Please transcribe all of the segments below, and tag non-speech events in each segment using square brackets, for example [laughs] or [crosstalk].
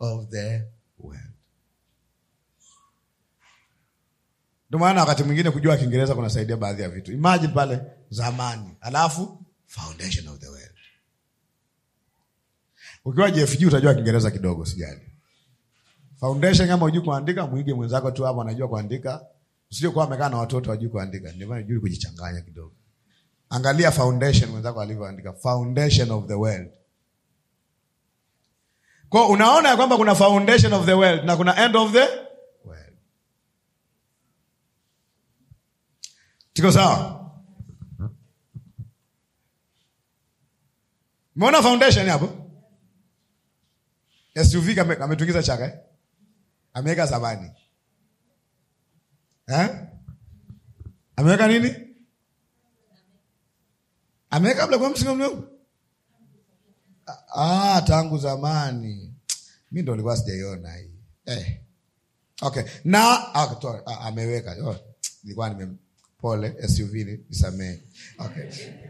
of the world. Ndio maana wakati mwingine kujua Kiingereza kunasaidia baadhi ya vitu. Imagine pale zamani, alafu foundation of the world. Ukiwa JFG utajua Kiingereza kidogo, sijali. Foundation kama hujui kuandika, mwige mwenzako tu hapo anajua kuandika. Usije kwa amekaa na watoto wajui kuandika. Ndio maana hujui kujichanganya kidogo. Angalia foundation mwenzako alivyoandika, foundation of the world. Kwa unaona ya kwamba kuna foundation of the world na kuna end of the world. Tiko sawa? Umeona foundation hapo? SUV ametukiza chaka eh? Ameweka zamani eh? Ameweka nini? Ameweka kabla kwa msingi mwenyewe ah, tangu zamani mi ndo nilikuwa sijaiona hii eh. okay. na ah, to, ah, ameweka oh, ilikuwa nimepole suv nisamee okay.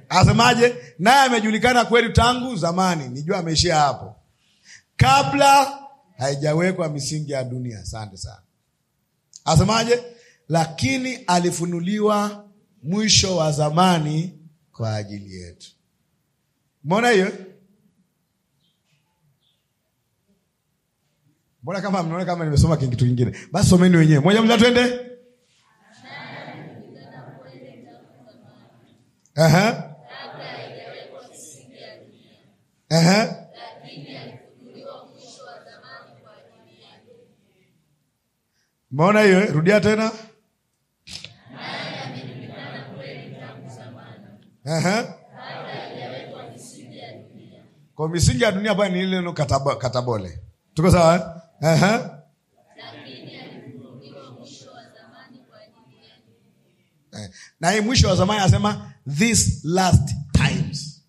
asemaje naye amejulikana kweli tangu zamani nijua ameishia hapo kabla haijawekwa misingi ya dunia asante sana asemaje lakini alifunuliwa mwisho wa zamani kwa ajili yetu mona hiyo Mbona kama mnaona kama nimesoma kitu kingine? Basi someni wenyewe. Moja mla twende. Aha. Aha. Maona hiyo, eh? rudia tena. Aha. Kwa misingi ya dunia bwana ni ile neno katabole. Tuko sawa? eh? Aha. na hii mwisho wa zamani anasema this last times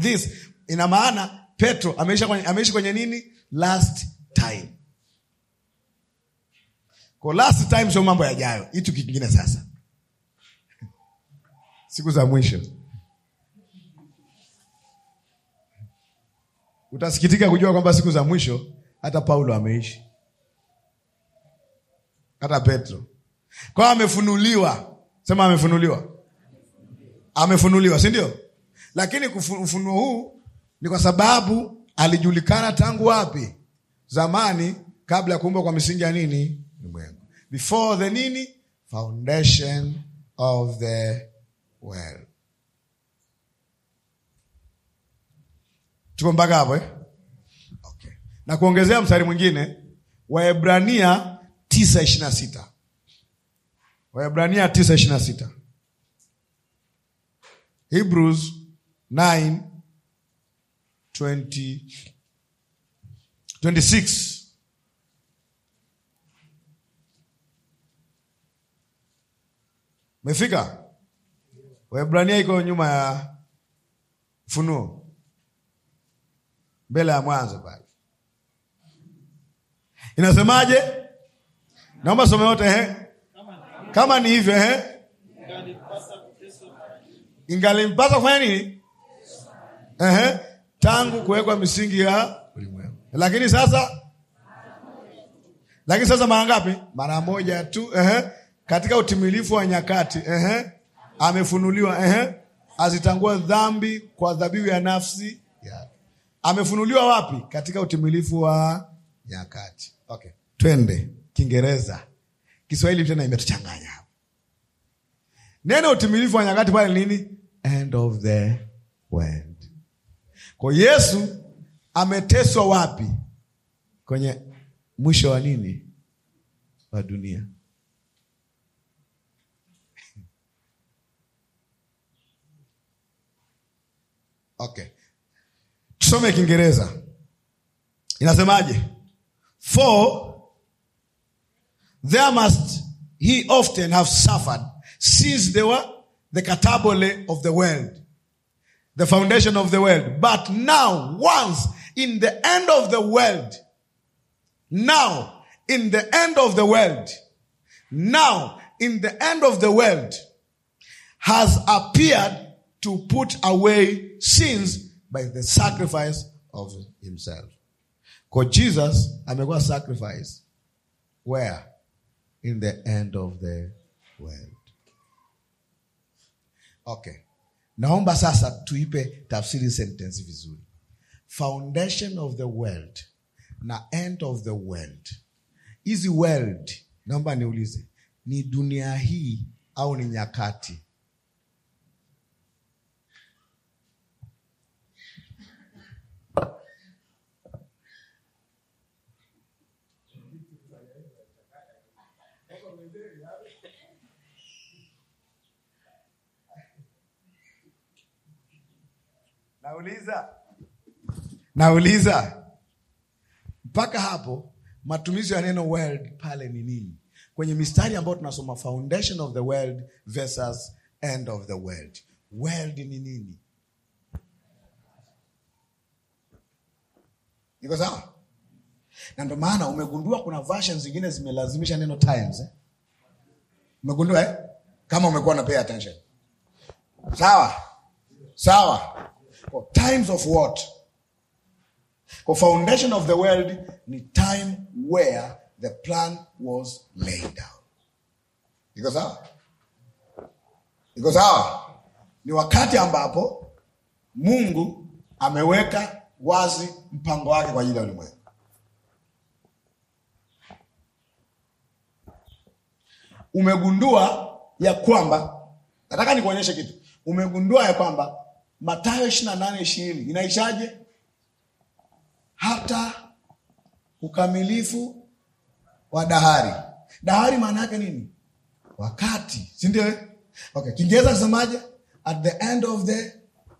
this ina maana Petro ameishi kwenye, ameishi kwenye nini last time kwa last time sio mambo yajayo hitu kingine sasa siku za mwisho utasikitika kujua kwamba siku za mwisho hata Paulo ameishi, hata Petro. kwao amefunuliwa, sema amefunuliwa, amefunuliwa, si ndio? Lakini ufunuo huu ni kwa sababu alijulikana tangu wapi? Zamani, kabla ya kuumbwa kwa misingi ya nini? Before the nini foundation of the world. Tuko mpaka hapo eh? na kuongezea mstari mwingine Waebrania 9:26, Waebrania 9:26, Hebrews 9:26. Mefika? Waebrania iko nyuma ya Funuo, mbele ya Mwanzo pale. Inasemaje? Naomba some yote eh? Kama ni hivyo eh? Ingalimpasa kufanya nini? Eh, eh? Tangu kuwekwa misingi ya ulimwengu. Lakini sasa lakini sasa mara ngapi? Mara moja tu eh? eh? Katika utimilifu wa nyakati eh? eh? Amefunuliwa eh? Azitangua dhambi kwa dhabihu ya nafsi yake. Amefunuliwa wapi? Katika utimilifu wa nyakati. Okay, twende Kiingereza, Kiswahili tena imetuchanganya. Neno utimilifu wa nyakati pale nini? End of the world. Kwa Yesu ameteswa wapi? Kwenye mwisho wa nini? Wa dunia. Okay. Tusome Kiingereza. Inasemaje? For there must he often have suffered since they were the catabole of the world, the foundation of the world. But now, once in the end of the world, now in the end of the world, now in the end of the world, has appeared to put away sins by the sacrifice of himself. Kwa Jesus amekuwa sacrifice where in the end of the world. Okay. Naomba sasa tuipe tafsiri sentensi vizuri. Foundation of the world na end of the world. Hizi world, naomba niulize, ni dunia hii au ni nyakati? Nauliza, nauliza mpaka hapo. Matumizi ya neno world pale ni nini? Kwenye mistari ambayo tunasoma foundation of the world versus end of the world, world ni nini? Niko sawa? Na ndio maana umegundua kuna versions zingine zimelazimisha neno times eh? Umegundua eh? Kama umekuwa na pay attention. Sawa sawa times of what? Kwa foundation of the world ni time where the plan was laid down. Iko sawa? Iko sawa? Ni wakati ambapo Mungu ameweka wazi mpango wake kwa ajili ya ulimwengu. Umegundua ya kwamba, nataka nikuonyeshe kitu. Umegundua ya kwamba Mathayo ishirini na nane ishirini inaishaje? Hata ukamilifu wa dahari. Dahari maana yake nini? Wakati, si ndio? Eh? Okay, Kiingereza kisemaje? At the end of the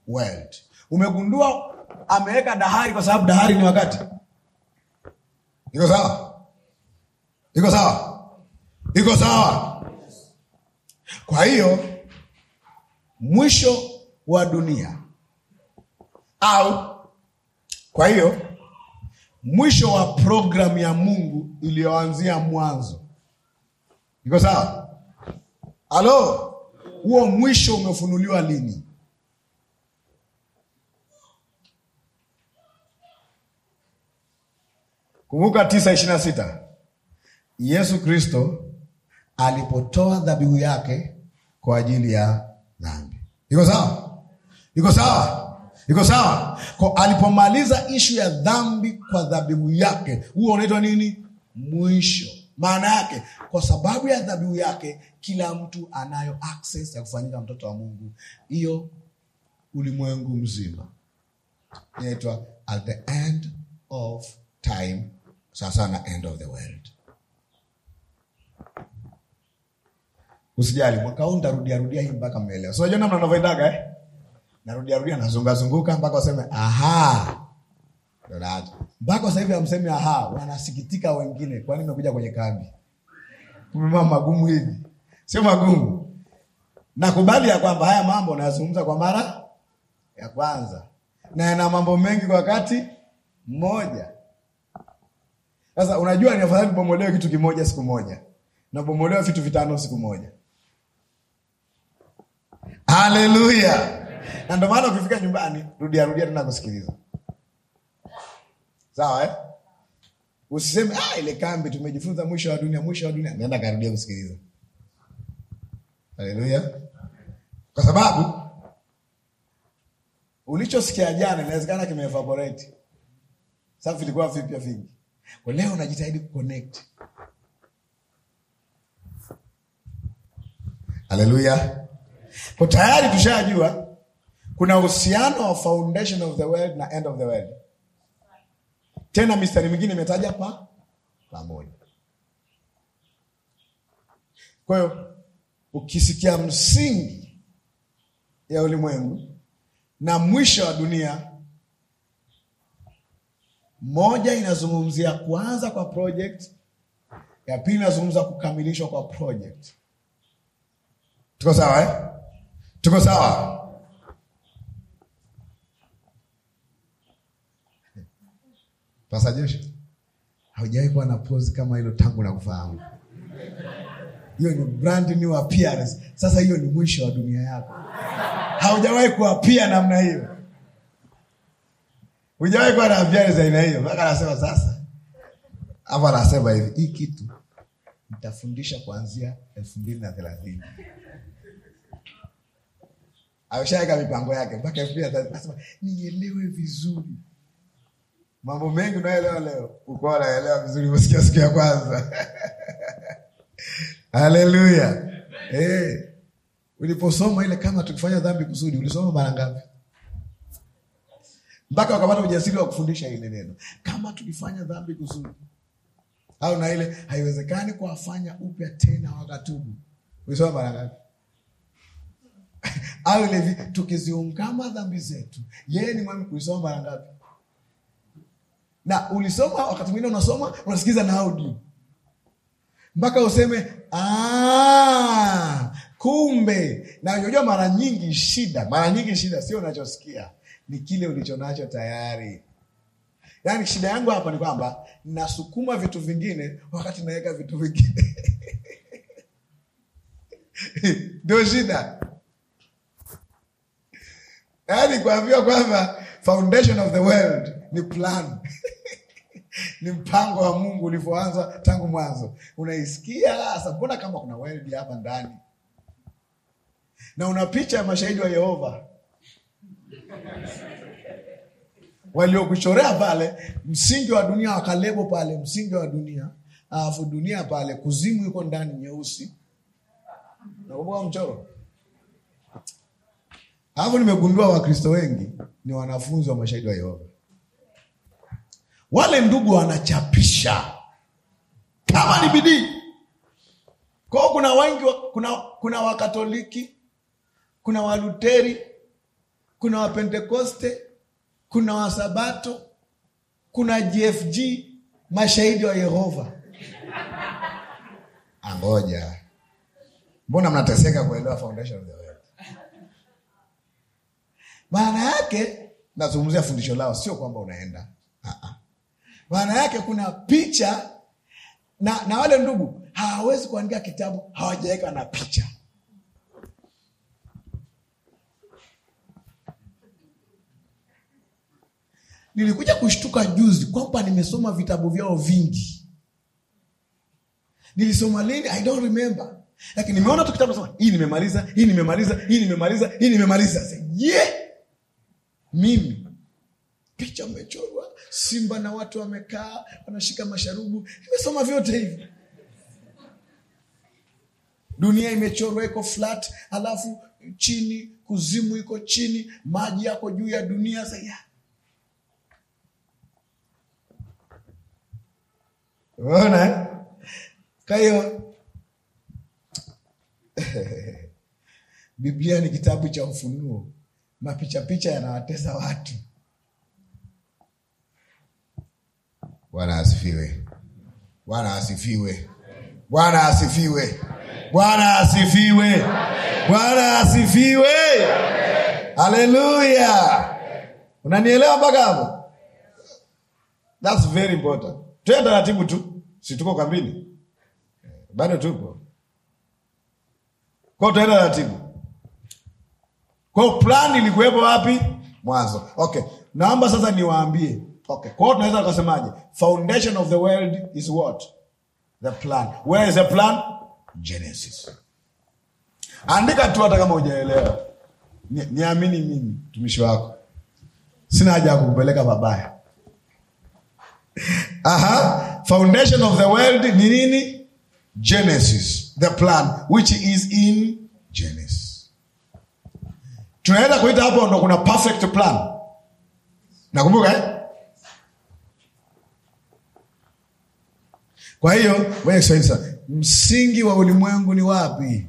world. Umegundua ameweka dahari kwa sababu dahari ni wakati. Iko sawa? Iko sawa? Iko sawa? Kwa hiyo mwisho wa dunia au. Kwa hiyo mwisho wa programu ya Mungu iliyoanzia mwanzo, iko sawa? Halo, huo mwisho umefunuliwa lini? Kumbuka tisa ishirini na sita Yesu Kristo alipotoa dhabihu yake kwa ajili ya dhambi, iko sawa? iko sawa iko sawa ko alipomaliza ishu ya dhambi kwa dhabihu yake huo unaitwa nini mwisho maana yake kwa sababu ya dhabihu yake kila mtu anayo access ya kufanyika mtoto wa mungu hiyo ulimwengu mzima inaitwa at the end of time sasa na end of the world usijali mwaka huu ntarudiarudia hii mpaka mmeelewa sinajua so, namna navyoendaga eh? narudia rudia nazunga zunguka mpaka waseme aha, ndo Mpaka sasa hivi hamsemi aha, wanasikitika wengine, kwani nimekuja kwenye kambi mama magumu hivi? Sio magumu. Nakubali ya kwamba haya mambo nayazungumza kwa mara ya kwanza na yana mambo mengi kwa wakati mmoja. Sasa unajua, ni afadhali bomolewe kitu kimoja siku moja na bomolewe vitu vitano siku moja. Haleluya! na ndio maana ukifika nyumbani, rudia rudia tena kusikiliza, sawa eh? Usiseme ah, ile kambi tumejifunza mwisho wa dunia, mwisho wa dunia. Nenda karudia kusikiliza. Haleluya, kwa sababu ulichosikia jana inawezekana kimeevaporate sasa, vilikuwa vipya vingi. Kwa leo unajitahidi kuconnect. Haleluya, kwa tayari tushajua kuna uhusiano wa foundation of the world na end of the world. Tena mistari mingine imetaja pa pamoja. Kwa hiyo ukisikia msingi ya ulimwengu na mwisho wa dunia, moja inazungumzia kuanza kwa project, ya pili inazungumza kukamilishwa kwa project. Tuko sawa eh? Tuko sawa Pasa Josh, haujawahi kuwa na pose kama hilo tangu na kufahamu. Hiyo ni brand new appearance. Sasa hiyo ni mwisho wa dunia yako. Haujawahi kuapia namna hiyo, hujawahi kuwa na appearance aina hiyo. Mpaka anasema sasa, hapa anasema hivi, hii kitu nitafundisha kuanzia elfu mbili na thelathini. Ameshaweka mipango yake mpaka elfu mbili na thelathini, nielewe vizuri mambo mengi unaelewa leo, uko unaelewa vizuri, umesikia siku ya kwanza. [laughs] Haleluya! hey, eh, uliposoma ile kama tukifanya dhambi kusudi, ulisoma mara ngapi mpaka wakapata ujasiri wa kufundisha ile neno kama tukifanya dhambi kusudi? Au na ile haiwezekani kuwafanya upya tena wakatubu, ulisoma mara ngapi? [laughs] au ile tukiziungama dhambi zetu, yeye ni mwema, ulisoma mara ngapi? na ulisoma, wakati mwingine unasoma, unasikiza na audio mpaka useme ah, kumbe. Na unajua, mara nyingi shida, mara nyingi shida sio unachosikia, ni kile ulichonacho tayari. Yaani shida yangu hapa ni kwamba nasukuma vitu vingine wakati naweka vitu vingine [laughs] ndio shida. Yaani kuambiwa kwamba foundation of the world ni plan [laughs] ni mpango wa Mungu ulivyoanza tangu mwanzo. Unaisikia sasa, mbona kama kuna weldi hapa ndani, na una picha ya mashahidi wa Yehova waliokuchorea pale msingi wa dunia, wakalebo pale msingi wa dunia, alafu dunia pale kuzimu iko ndani nyeusi, nakumbuka mchoro. Alafu nimegundua Wakristo wengi ni wanafunzi wa mashahidi wa Yehova wale ndugu wanachapisha kama ni bidii kwao. Kuna wengi, kuna kuna Wakatoliki, kuna Waluteri, kuna Wapentekoste, kuna Wasabato, kuna GFG, mashahidi wa Yehova. Angoja, ah, mbona mnateseka kuelewa foundation of the world? Maana yake nazungumzia fundisho lao, sio kwamba unaenda uh -uh maana yake kuna picha na, na wale ndugu hawawezi kuandika kitabu hawajaweka na picha. Nilikuja kushtuka juzi kwamba nimesoma vitabu vyao vingi. Nilisoma lini? I don't remember, lakini nimeona tu kitabu sema hii nimemaliza, hii nimemaliza, hii nimemaliza, hii nimemaliza. yeah! mimi picha umechorwa, simba na watu wamekaa wanashika masharubu. imesoma vyote hivi, dunia imechorwa iko flat, alafu chini kuzimu iko chini, maji yako juu ya dunia saya ona Kwa [laughs] Biblia ni kitabu cha ufunuo. Mapichapicha yanawateza watu. Bwana asifiwe. Bwana asifiwe. Bwana asifiwe. Bwana asifiwe. Bwana asifiwe. Haleluya. Unanielewa mpaka hapo? That's very important. Tuwe taratibu tu, si tuko kambini, bado tupo kwao, tuenda taratibu kwao. Plan ilikuwepo wapi mwanzo? Okay, naomba sasa niwaambie Okay. Kwa tunaweza tukasemaje? Foundation of the world is what? The plan. Where is the plan? Genesis. Andika tu hata kama ujaelewa Niamini ni mimi mtumishi wako. Sina haja ya kukupeleka babaya. [laughs] Aha, foundation of the world ni nini? Genesis, the plan which is in Genesis. tunaenda kuita hapo ndo kuna perfect plan. Nakumbuka eh? Kwa hiyo ngoja msingi wa ulimwengu ni wapi?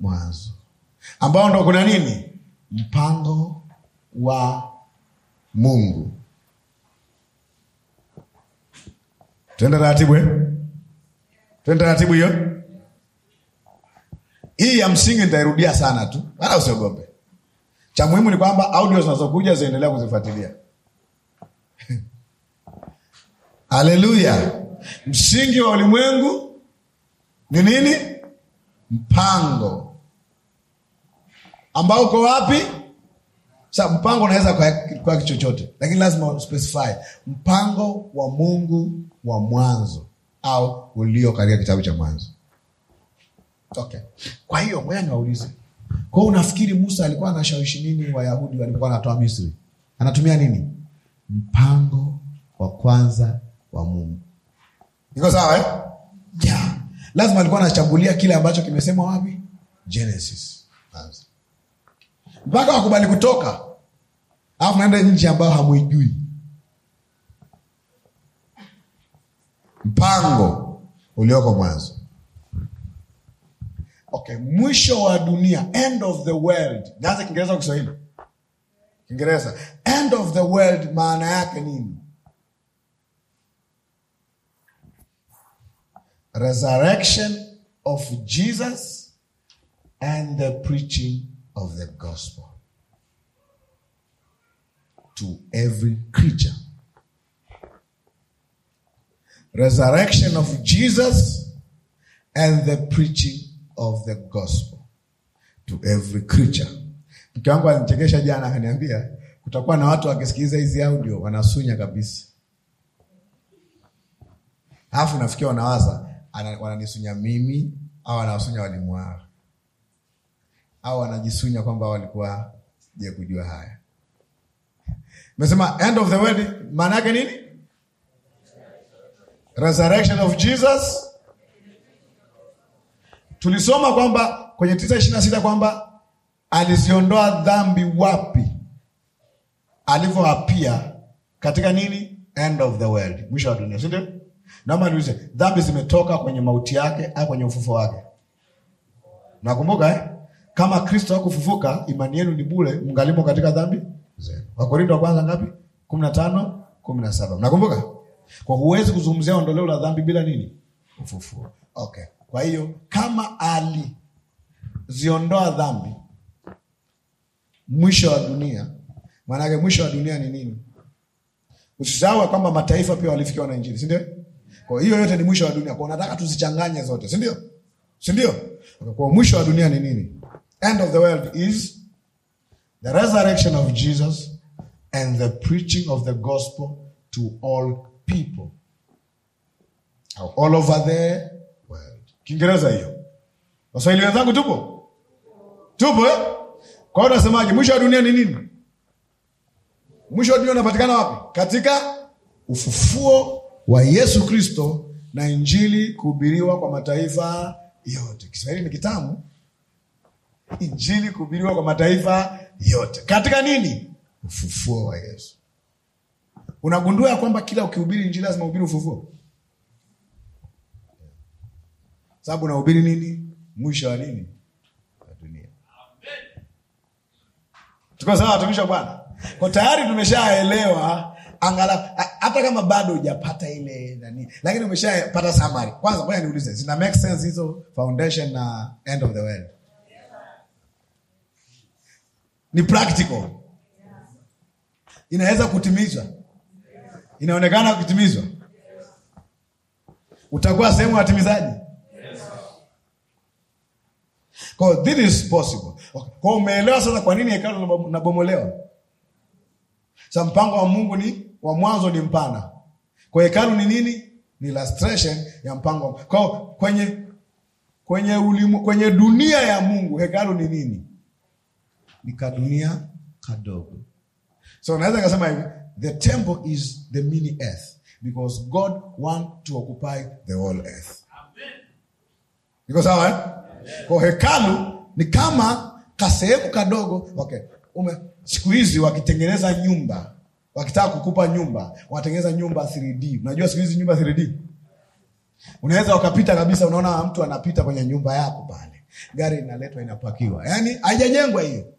Mwanzo, ambao ndo kuna nini? Mpango wa Mungu. Tuende taratibu eh? Tuende taratibu hiyo. Hii ya msingi nitairudia sana tu, wala usiogope. Cha muhimu ni kwamba audio zinazokuja ziendelea kuzifuatilia. [laughs] Haleluya! Msingi wa ulimwengu ni nini? Mpango ambao uko wapi? Sa, mpango unaweza kwa kitu chochote, lakini lazima uspecify mpango wa Mungu wa mwanzo au ulio katika kitabu cha Mwanzo. Okay. Kwa hiyo ngoja niwaulize, kwa unafikiri Musa alikuwa anashawishi nini Wayahudi walikuwa wanatoa Misri? Anatumia nini? Mpango wa kwanza wa Mungu iko sawa eh? yeah. lazima alikuwa anachambulia kile ambacho kimesemwa wapi Genesis mpaka wakubali kutoka alafu naenda nchi ambayo hamwijui mpango ulioko mwanzo okay mwisho wa dunia end of the world kiingereza kiswahili kiingereza end of the world maana yake nini resurrection of Jesus and the preaching of the gospel to every creature. Resurrection of Jesus and the preaching of the gospel to every creature. Mke wangu alinichekesha jana, akaniambia kutakuwa na watu wakisikiliza hizi audio wanasunya kabisa, alafu nafikia wanawaza wananisunya mimi au anawasunya walimu wao au wanajisunya kwamba walikuwa je kujua haya. Mesema end of the world, maana yake nini? Resurrection of Jesus. Tulisoma kwamba kwenye tisa ishirini na sita kwamba aliziondoa dhambi wapi? Alivyoapia katika nini? End of the world, mwisho wa dunia, si ndio? Naomba niulize, dhambi zimetoka kwenye mauti yake au kwenye ufufuo wake? Nakumbuka eh? Kama Kristo hakufufuka, imani yenu ni bure, mngalimo katika dhambi zenu. Wakorintho wa kwanza ngapi? 15 17. Nakumbuka? Kwa huwezi kuzungumzia ondoleo la dhambi bila nini? Ufufuo. Okay. Kwa hiyo kama ali ziondoa dhambi mwisho wa dunia, maanake mwisho wa dunia ni nini? Usisahau kwamba mataifa pia walifikiwa na Injili, si ndio? Kwa hiyo yote ni mwisho wa dunia. Kwa nataka tuzichanganye zote, sindio? Sindio? Si Kwa mwisho wa dunia ni nini? End of the world is the resurrection of Jesus and the preaching of the gospel to all people. All over the world. Kiingereza hiyo. Waswahili wenzangu tupo? Tupo eh? Kwa hiyo unasemaje mwisho wa dunia ni nini? Mwisho wa dunia unapatikana wapi? Katika ufufuo wa Yesu Kristo na injili kuhubiriwa kwa mataifa yote. Kiswahili ni kitamu. Injili kuhubiriwa kwa mataifa yote katika nini? Ufufuo wa Yesu. Unagundua ya kwamba kila ukihubiri injili lazima uhubiri ufufuo, sababu unahubiri nini? Mwisho wa nini? Wa dunia. Tuko sawa, watumishi wa Bwana? Kwa tayari tumeshaelewa angala hata kama bado hujapata ile nani, lakini umeshapata summary. Kwanza ngoja niulize, zina make sense hizo foundation na uh, end of the world? Ni practical, inaweza kutimizwa, inaonekana kutimizwa. Utakuwa sehemu ya watimizaji. Kwa this is possible. Kwa umeelewa sasa kwa nini hekalu nabomolewa? Sa mpango wa Mungu ni wa mwanzo ni mpana. Kwa hekalu ni nini? Ni illustration ya mpango. Kwa kwenye kwenye ulimu, kwenye dunia ya Mungu hekalu ni nini? Ni kadunia kadogo. So naweza kusema hivi, the temple is the mini earth because God want to occupy the whole earth. Amen. Niko sawa eh? Kwa hekalu ni kama kasehemu kadogo. Okay. Ume siku hizi wakitengeneza nyumba Wakitaka kukupa nyumba, watengeneza nyumba 3D. Unajua siku hizi nyumba 3D unaweza ukapita kabisa, unaona mtu anapita kwenye nyumba yako pale, gari inaletwa inapakiwa, yani haijajengwa hiyo.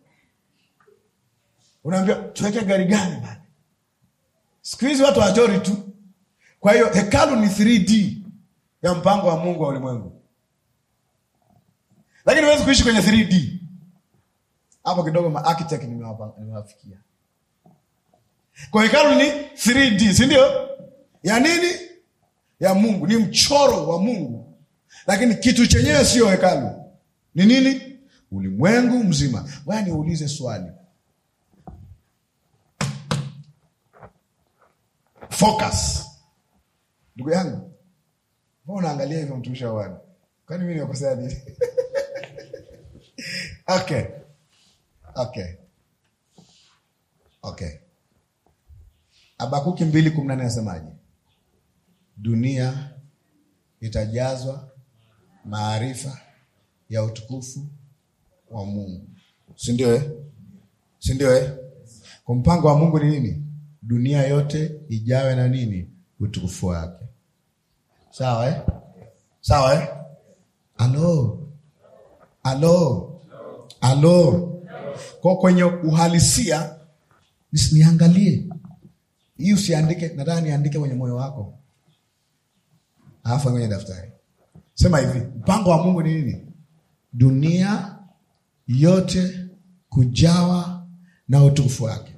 Unaambia tuweke gari gani bana? Siku hizi watu wachori tu. Kwa hiyo hekalu ni 3D ya mpango wa Mungu wa ulimwengu, lakini huwezi kuishi kwenye 3D. Hapo kidogo ma architect nimewafikia kwa hekalu ni 3D si ndio? ya nini? ya Mungu, ni mchoro wa Mungu, lakini kitu chenyewe siyo hekalu. Ni nini? ulimwengu mzima. Waya niulize swali, focus ndugu yangu, mbona unaangalia hivyo mtumishi wa Bwana? Kwani mimi nimekosea nini? [laughs] Okay, okay, okay. Habakuki mbili kumi na nane asemaje? Dunia itajazwa maarifa ya utukufu wa Mungu, si ndio eh? si ndio eh? Kwa mpango wa Mungu ni nini? Dunia yote ijawe na nini? Utukufu wake. Sawa eh? sawa eh? alo alo alo, kwa kwenye uhalisia nisiangalie hii usiandike, nataka niandike kwenye moyo wako, alafu kwenye daftari. Sema hivi, mpango wa Mungu ni nini? Dunia yote kujawa na utukufu wake.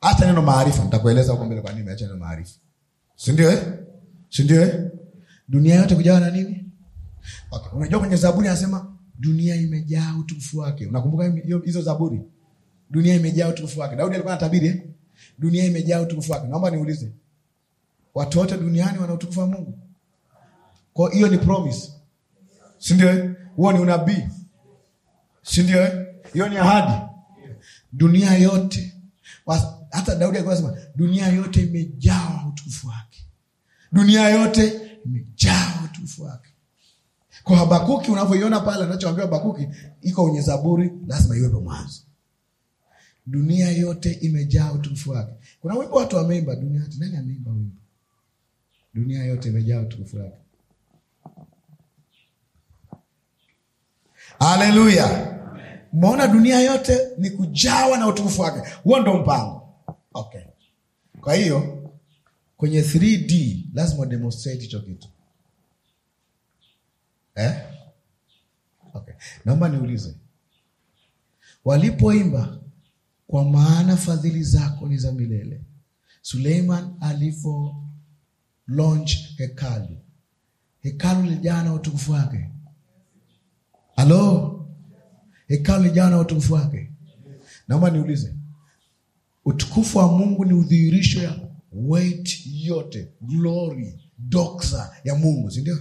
Acha neno maarifa, nitakueleza huko mbele kwa nini acha neno maarifa, si ndio eh? si ndio eh? dunia yote kujawa na nini? Okay. Unajua kwenye Zaburi anasema dunia imejaa utukufu wake. Unakumbuka hizo Zaburi, dunia imejaa utukufu wake. Daudi alikuwa anatabiri eh? dunia imejaa utukufu wake. Naomba niulize, watu wote duniani wana utukufu wa Mungu? Kwa hiyo ni promise, si ndio? Eh? Huo ni unabii, si ndio? Eh? Hiyo ni ahadi. Dunia yote hata Daudi alikuwa anasema dunia yote imejaa utukufu wake, dunia yote imejaa utukufu wake. Kwa Habakuki unavyoiona pale, anachoambiwa Habakuki iko kwenye Zaburi, lazima iwepo Mwanzo dunia yote imejaa utukufu wake. Kuna wimbo watu wameimba dunia yote. Nani ameimba wimbo dunia yote imejaa utukufu wake? Haleluya! Umeona, dunia yote ni kujawa na utukufu wake. Huo ndo mpango okay. Kwa hiyo kwenye 3D lazima demonstrate hicho kitu eh? Okay. Naomba niulize, walipoimba kwa maana fadhili zako ni za milele. Suleiman alipo launch hekalu, hekalu lijaa na utukufu wake. Halo, hekalu lijaa na utukufu wake. Naomba niulize, utukufu wa Mungu ni udhihirisho ya weight yote, glory doxa ya Mungu, si ndio?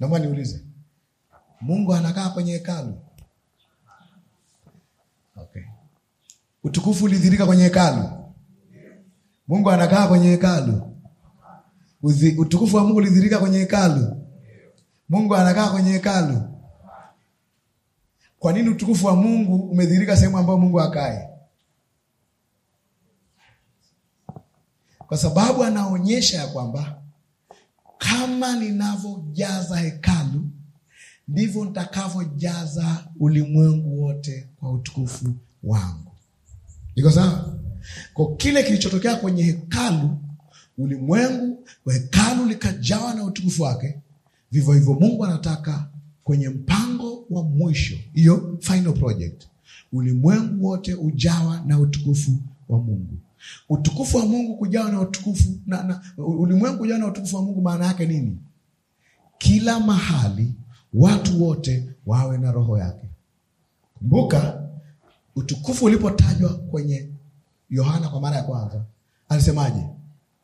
Naomba niulize, Mungu anakaa kwenye hekalu? Utukufu ulidhirika kwenye hekalu. Mungu anakaa kwenye hekalu. Utukufu wa Mungu ulidhirika kwenye hekalu. Mungu anakaa kwenye hekalu. Kwa nini utukufu wa Mungu umedhirika sehemu ambayo Mungu akae? Kwa sababu anaonyesha ya kwamba kama ninavyojaza hekalu ndivyo nitakavyojaza ulimwengu wote kwa utukufu wangu. Niko sawa? ko kile kilichotokea kwenye hekalu, ulimwengu hekalu likajawa na utukufu wake, vivyo hivyo Mungu anataka kwenye mpango wa mwisho, hiyo final project, ulimwengu wote ujawa na utukufu wa Mungu. Utukufu wa Mungu kujawa na utukufu na, na, ulimwengu kujawa na utukufu wa Mungu, maana yake nini? Kila mahali watu wote wawe na roho yake. Kumbuka utukufu ulipotajwa kwenye Yohana kwa mara ya kwanza, alisemaje?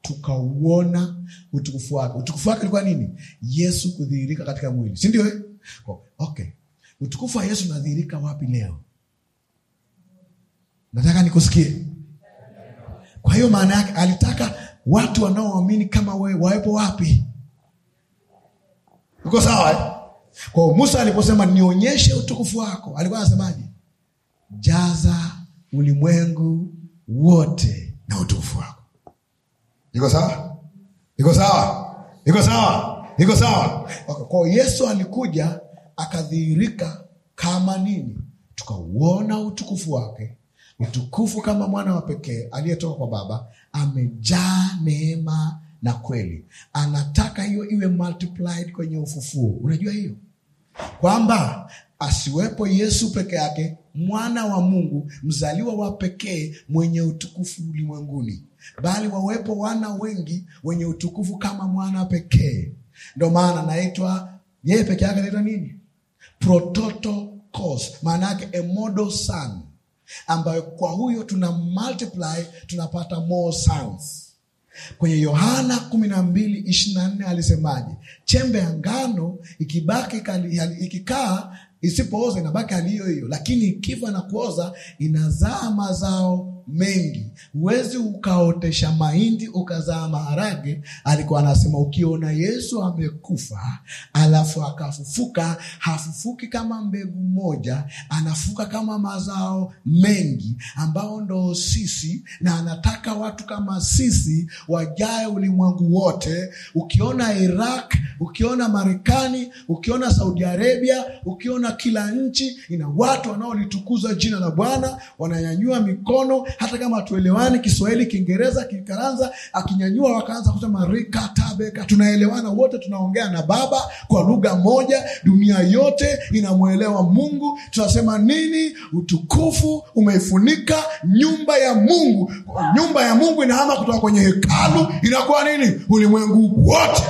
Tukauona utukufu wake. Utukufu wake ulikuwa nini? Yesu kudhihirika katika mwili, si ndio? Eh? Okay, utukufu wa Yesu unadhihirika wapi leo? Nataka nikusikie. Kwa hiyo maana yake alitaka watu wanaoamini kama wewe wawepo wapi? Uko sawa eh? Kwa Musa aliposema nionyeshe utukufu wako, alikuwa anasemaje? jaza ulimwengu wote na utukufu wako. Iko sawa? Iko sawa? Iko sawa? Iko sawa? Kwao Yesu alikuja akadhihirika kama nini? Tukauona utukufu wake, utukufu kama mwana wa pekee aliyetoka kwa Baba, amejaa neema na kweli. Anataka hiyo iwe multiplied kwenye ufufuo. Unajua hiyo kwamba asiwepo Yesu peke yake, mwana wa Mungu mzaliwa wa pekee mwenye utukufu ulimwenguni, bali wawepo wana wengi wenye utukufu kama mwana pekee. Ndo maana anaitwa yeye peke yake anaitwa nini? Prototokos, maana yake a model son, ambayo kwa huyo tuna multiply tunapata more sons. Kwenye Yohana 12:24 alisemaje? Chembe ya ngano ikibaki ikikaa Isipooza inabaki aliyo hiyo, lakini ikifa na kuoza inazaa mazao mengi. Huwezi ukaotesha mahindi ukazaa maharage. Alikuwa anasema ukiona Yesu amekufa alafu akafufuka, hafufuki kama mbegu moja, anafuka kama mazao mengi, ambao ndo sisi, na anataka watu kama sisi wajae ulimwengu wote. Ukiona Iraq, ukiona Marekani, ukiona Saudi Arabia, ukiona kila nchi ina watu wanaolitukuza jina la Bwana, wananyanyua mikono hata kama hatuelewani Kiswahili, Kiingereza, Kikaranza, akinyanyua wakaanza kusema rikatabeka, tunaelewana wote, tunaongea na Baba kwa lugha moja, dunia yote inamwelewa Mungu. Tunasema nini? Utukufu umeifunika nyumba ya Mungu. Nyumba ya Mungu inahama kutoka kwenye hekalu inakuwa nini? Ulimwengu wote.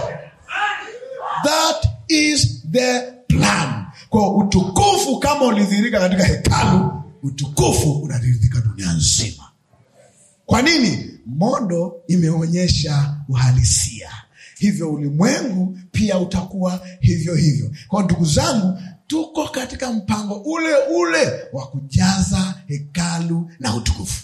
That is the plan. Kwa utukufu kama ulidhihirika katika hekalu utukufu unatiririka dunia nzima. Kwa nini? Modo imeonyesha uhalisia, hivyo ulimwengu pia utakuwa hivyo hivyo. Kwa ndugu zangu, tuko katika mpango ule ule wa kujaza hekalu na utukufu.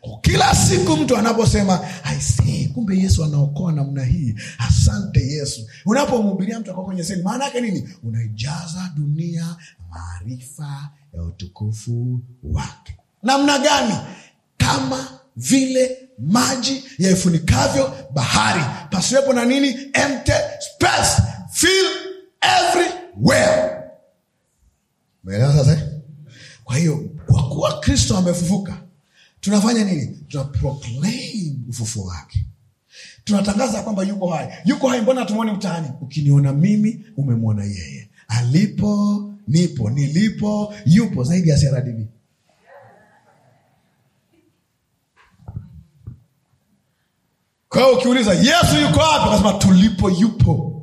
Kwa kila siku mtu anaposema aisee, kumbe Yesu anaokoa namna hii, asante Yesu. Unapomhubiria mtu akao kwenye seli, maana yake nini? Unaijaza dunia maarifa ya utukufu wake. Namna gani? Kama vile maji yaifunikavyo bahari, pasiwepo na nini? Empty space, fill everywhere. Umeelewa sasa? Kwa hiyo kwa kuwa Kristo amefufuka, tunafanya nini? Tuna proclaim ufufuo wake, tunatangaza kwamba yuko hai, yuko hai. Mbona hatumwoni mtaani? Ukiniona mimi umemwona yeye alipo nipo, nilipo, yupo zaidi ya CRDB. Kwa hiyo ukiuliza Yesu yuko wapi, akasema tulipo yupo.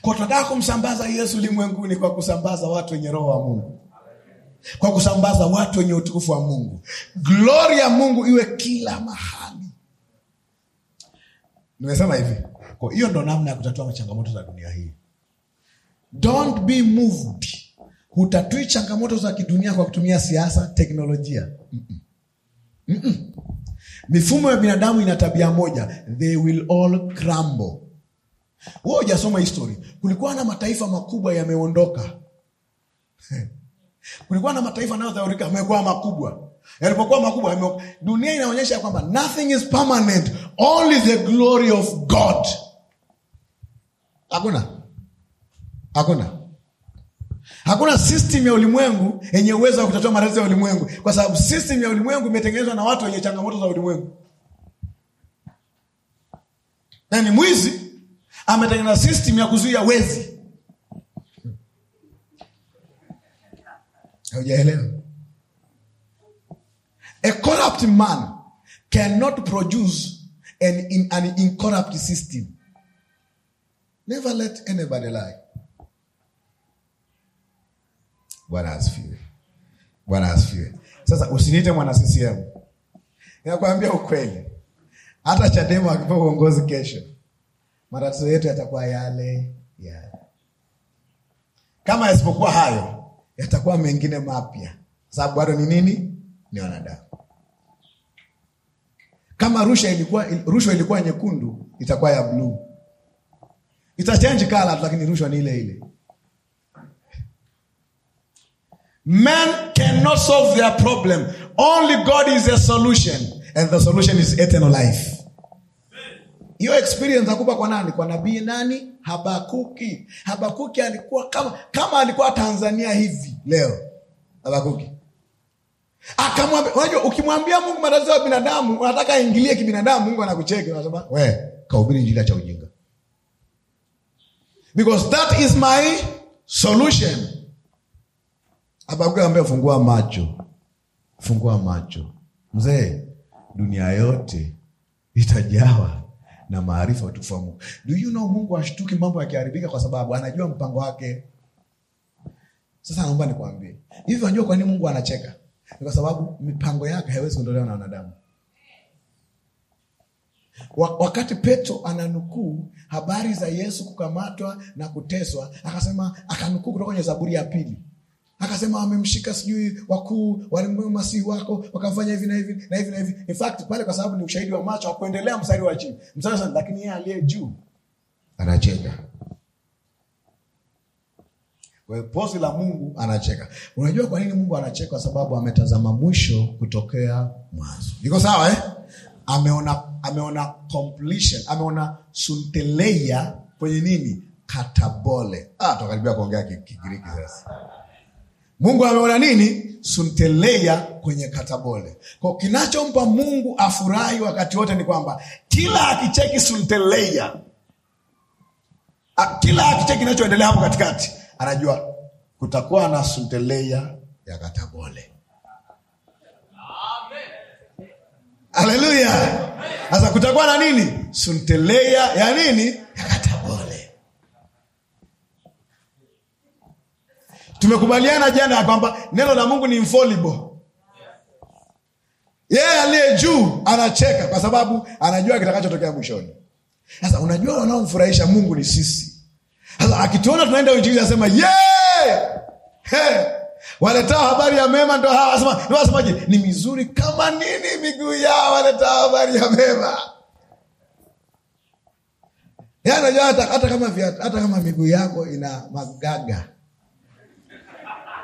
Kwa tunataka kumsambaza Yesu limwenguni kwa kusambaza watu wenye roho wa Mungu, kwa kusambaza watu wenye utukufu wa Mungu. Glori ya Mungu iwe kila mahali. Nimesema hivi, kwa hiyo ndo namna ya kutatua changamoto za dunia hii. Don't be moved. Hutatui changamoto za kidunia kwa kutumia siasa, teknolojia. Mm -mm. Mm -mm. Mifumo ya binadamu ina tabia moja, they will all crumble. Wewe hujasoma history. Kulikuwa na mataifa makubwa yameondoka. [laughs] Kulikuwa na mataifa nayo dhaurika yamekuwa makubwa. Yalipokuwa makubwa yame... dunia inaonyesha kwamba nothing is permanent, only the glory of God. Hakuna Hakuna hakuna system ya ulimwengu yenye uwezo wa kutatua matatizo ya ulimwengu, kwa sababu system ya ulimwengu imetengenezwa na watu wenye changamoto za ulimwengu. Nani mwizi ametengeneza system ya kuzuia wezi? Haujaelewa? A corrupt man cannot produce an, an incorrupt system. Never let anybody lie. Bwana asifiwe. Bwana asifiwe. Sasa usiniite mwana CCM. Ninakwambia ukweli. Hata Chadema akipewa uongozi kesho, matatizo yetu yatakuwa yale yale. Kama yasipokuwa hayo, yatakuwa mengine mapya, sababu bado ni nini? Ni wanadamu. Kama rushwa ilikuwa, rushwa ilikuwa nyekundu, itakuwa ya bluu, itachange kala, lakini rushwa ni ile ile. Men cannot solve their problem. Only God is a solution, and the solution is eternal life. Hiyo experience akupa kwa nani? Kwa nabii nani? Habakuki. Habakuki alikuwa kama kama alikuwa Tanzania hivi leo. Habakuki akamwambia, unajua, ukimwambia Mungu matatizo ya binadamu, unataka aingilie kibinadamu, Mungu anakucheki, anasema we kahubiri injili cha ujinga, because that is my solution Habakuki ambaye fungua macho, fungua macho mzee, dunia yote itajawa na maarifa utukufu wa Mungu. Do you know, Mungu ashtuki mambo yakiharibika, kwa sababu anajua mpango wake. Sasa naomba nikwambie hivi, unajua kwa nini Mungu anacheka? Ni kwa sababu mipango yake haiwezi kuondolewa na wanadamu. Wakati Petro ananukuu habari za Yesu kukamatwa na kuteswa, akasema akanukuu kutoka kwenye Zaburi ya pili akasema amemshika sijui wakuu walimwema masihi wako wakafanya hivi na hivi na hivi na hivi in fact pale kwa sababu ni ushahidi wa macho wa kuendelea mstari wa chini mstari sana, lakini yeye aliye juu anacheka Kwa hiyo pozi la mungu anacheka unajua kwa nini mungu anacheka kwa sababu ametazama mwisho kutokea mwanzo iko sawa eh? ameona ameona completion ameona sunteleia kwenye nini katabole ah, tukaribia kuongea kigiriki sasa Mungu ameona nini? Sunteleia kwenye katabole. Kwa kinachompa Mungu afurahi wakati wote ni kwamba kila akicheki sunteleia, kila akicheki kinachoendelea hapo katikati, anajua kutakuwa na sunteleia ya katabole. Haleluya! Sasa kutakuwa na nini? Sunteleia ya nini? Ya katabole. Tumekubaliana jana ya kwamba neno la Mungu ni infallible. Yeye yeah, aliye juu anacheka kwa sababu anajua kitakachotokea mwishoni. Sasa unajua wanaomfurahisha Mungu ni sisi. Sasa akituona tunaenda uinjili, anasema ye yeah! waletao habari ya mema ndo hawa. Ni mizuri kama nini miguu yao waletao habari ya mema. Yeye yaani anajua hata kama, hata kama miguu yako ina magaga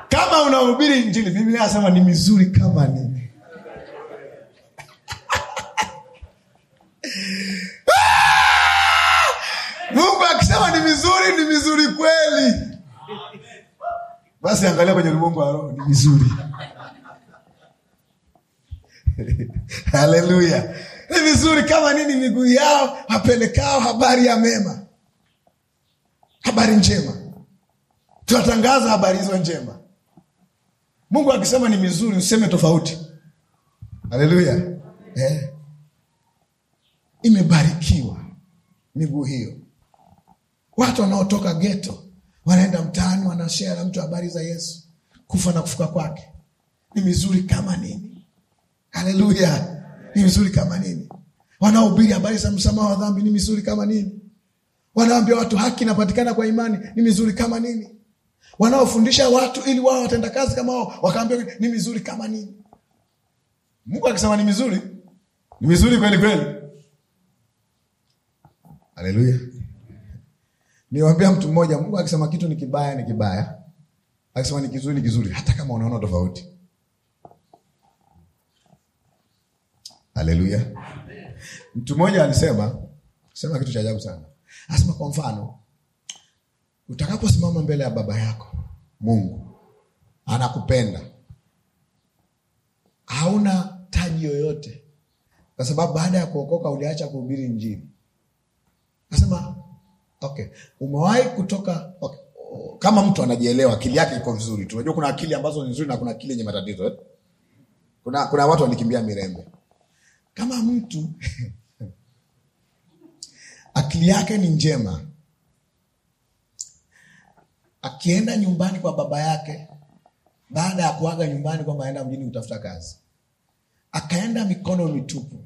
kama unahubiri Injili, Biblia nasema ni mizuri kama nini. [laughs] Mungu akisema ni mizuri, ni mizuri kweli. Basi angalia kwenye ulimwengu wa roho, ni mizuri [laughs] Haleluya, ni vizuri kama nini? Miguu yao apelekao habari ya mema, habari njema. Tunatangaza habari hizo njema. Mungu akisema ni mizuri useme tofauti. Haleluya, eh. Imebarikiwa miguu hiyo. Watu wanaotoka geto wanaenda mtaani, wanashea na mtu habari za Yesu, kufa na kufuka kwake. Ni mizuri kama nini! Haleluya, ni mizuri kama nini! Wanaohubiri habari za msamaha wa dhambi, ni mizuri kama nini! Wanaambia watu haki inapatikana kwa imani, ni mizuri kama nini! wanaofundisha watu ili wao watenda kazi kama wao wakaambia ni mizuri kama nini. Mungu akisema ni mizuri, ni mizuri kweli kweli. Haleluya! Niwambia mtu mmoja, Mungu akisema kitu ni kibaya ni kibaya, akisema ni kizuri ni kizuri, hata kama unaona tofauti. Haleluya! Mtu mmoja alisema sema kitu cha ajabu sana, asema kwa mfano Utakaposimama mbele ya baba yako Mungu, anakupenda, hauna taji yoyote, kwa sababu baada ya kuokoka uliacha kuhubiri njini Nasema okay, umewahi kutoka okay. Kama mtu anajielewa akili yake iko vizuri, tunajua kuna akili ambazo ni nzuri na kuna akili yenye matatizo eh? Kuna, kuna watu walikimbia mirembe. Kama mtu [laughs] akili yake ni njema akienda nyumbani kwa baba yake baada ya kuaga nyumbani kwamba aenda mjini kutafuta kazi, akaenda mikono mitupu.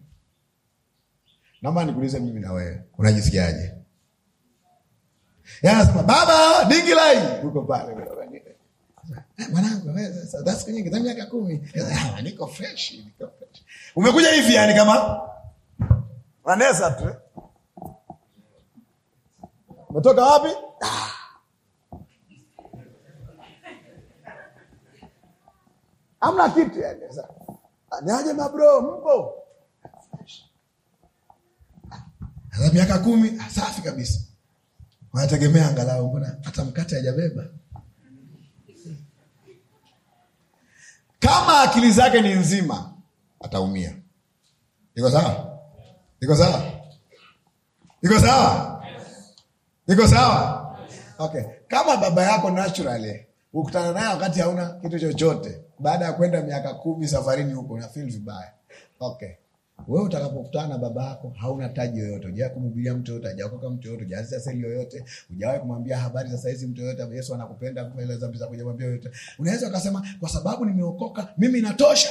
Naomba nikuulize mimi na wewe, unajisikiaje? Yaani anasema baba dingi uko pale eh, mwanangu, sasa siku nyingi za miaka kumi ah, niko fresh, Umekuja hivi yani kama Vanessa tu umetoka wapi? Ah. hamna kitu yani. Niaje mabro, mpo za miaka kumi, ah, safi kabisa, wanategemea angalau, mbona hata mkate hajabeba. Kama akili zake ni nzima, ataumia. Iko sawa? Iko sawa? Iko sawa? Iko sawa? Okay. Kama baba yako naturally ukutana naye wakati hauna kitu chochote baada ya kwenda miaka kumi safarini huko na nafeel vibaya. Okay, wewe utakapokutana na baba yako hauna taji yoyote, hujawahi kumhubiria mtu yoyote, hujaokoka mtu yoyote, hujaanzisha seli yoyote, hujawahi kumwambia habari za saizi mtu yoyote, Yesu anakupenda, kueleza dhambi zako, hujamwambia yoyote. Unaweza ukasema kwa sababu nimeokoka mimi natosha.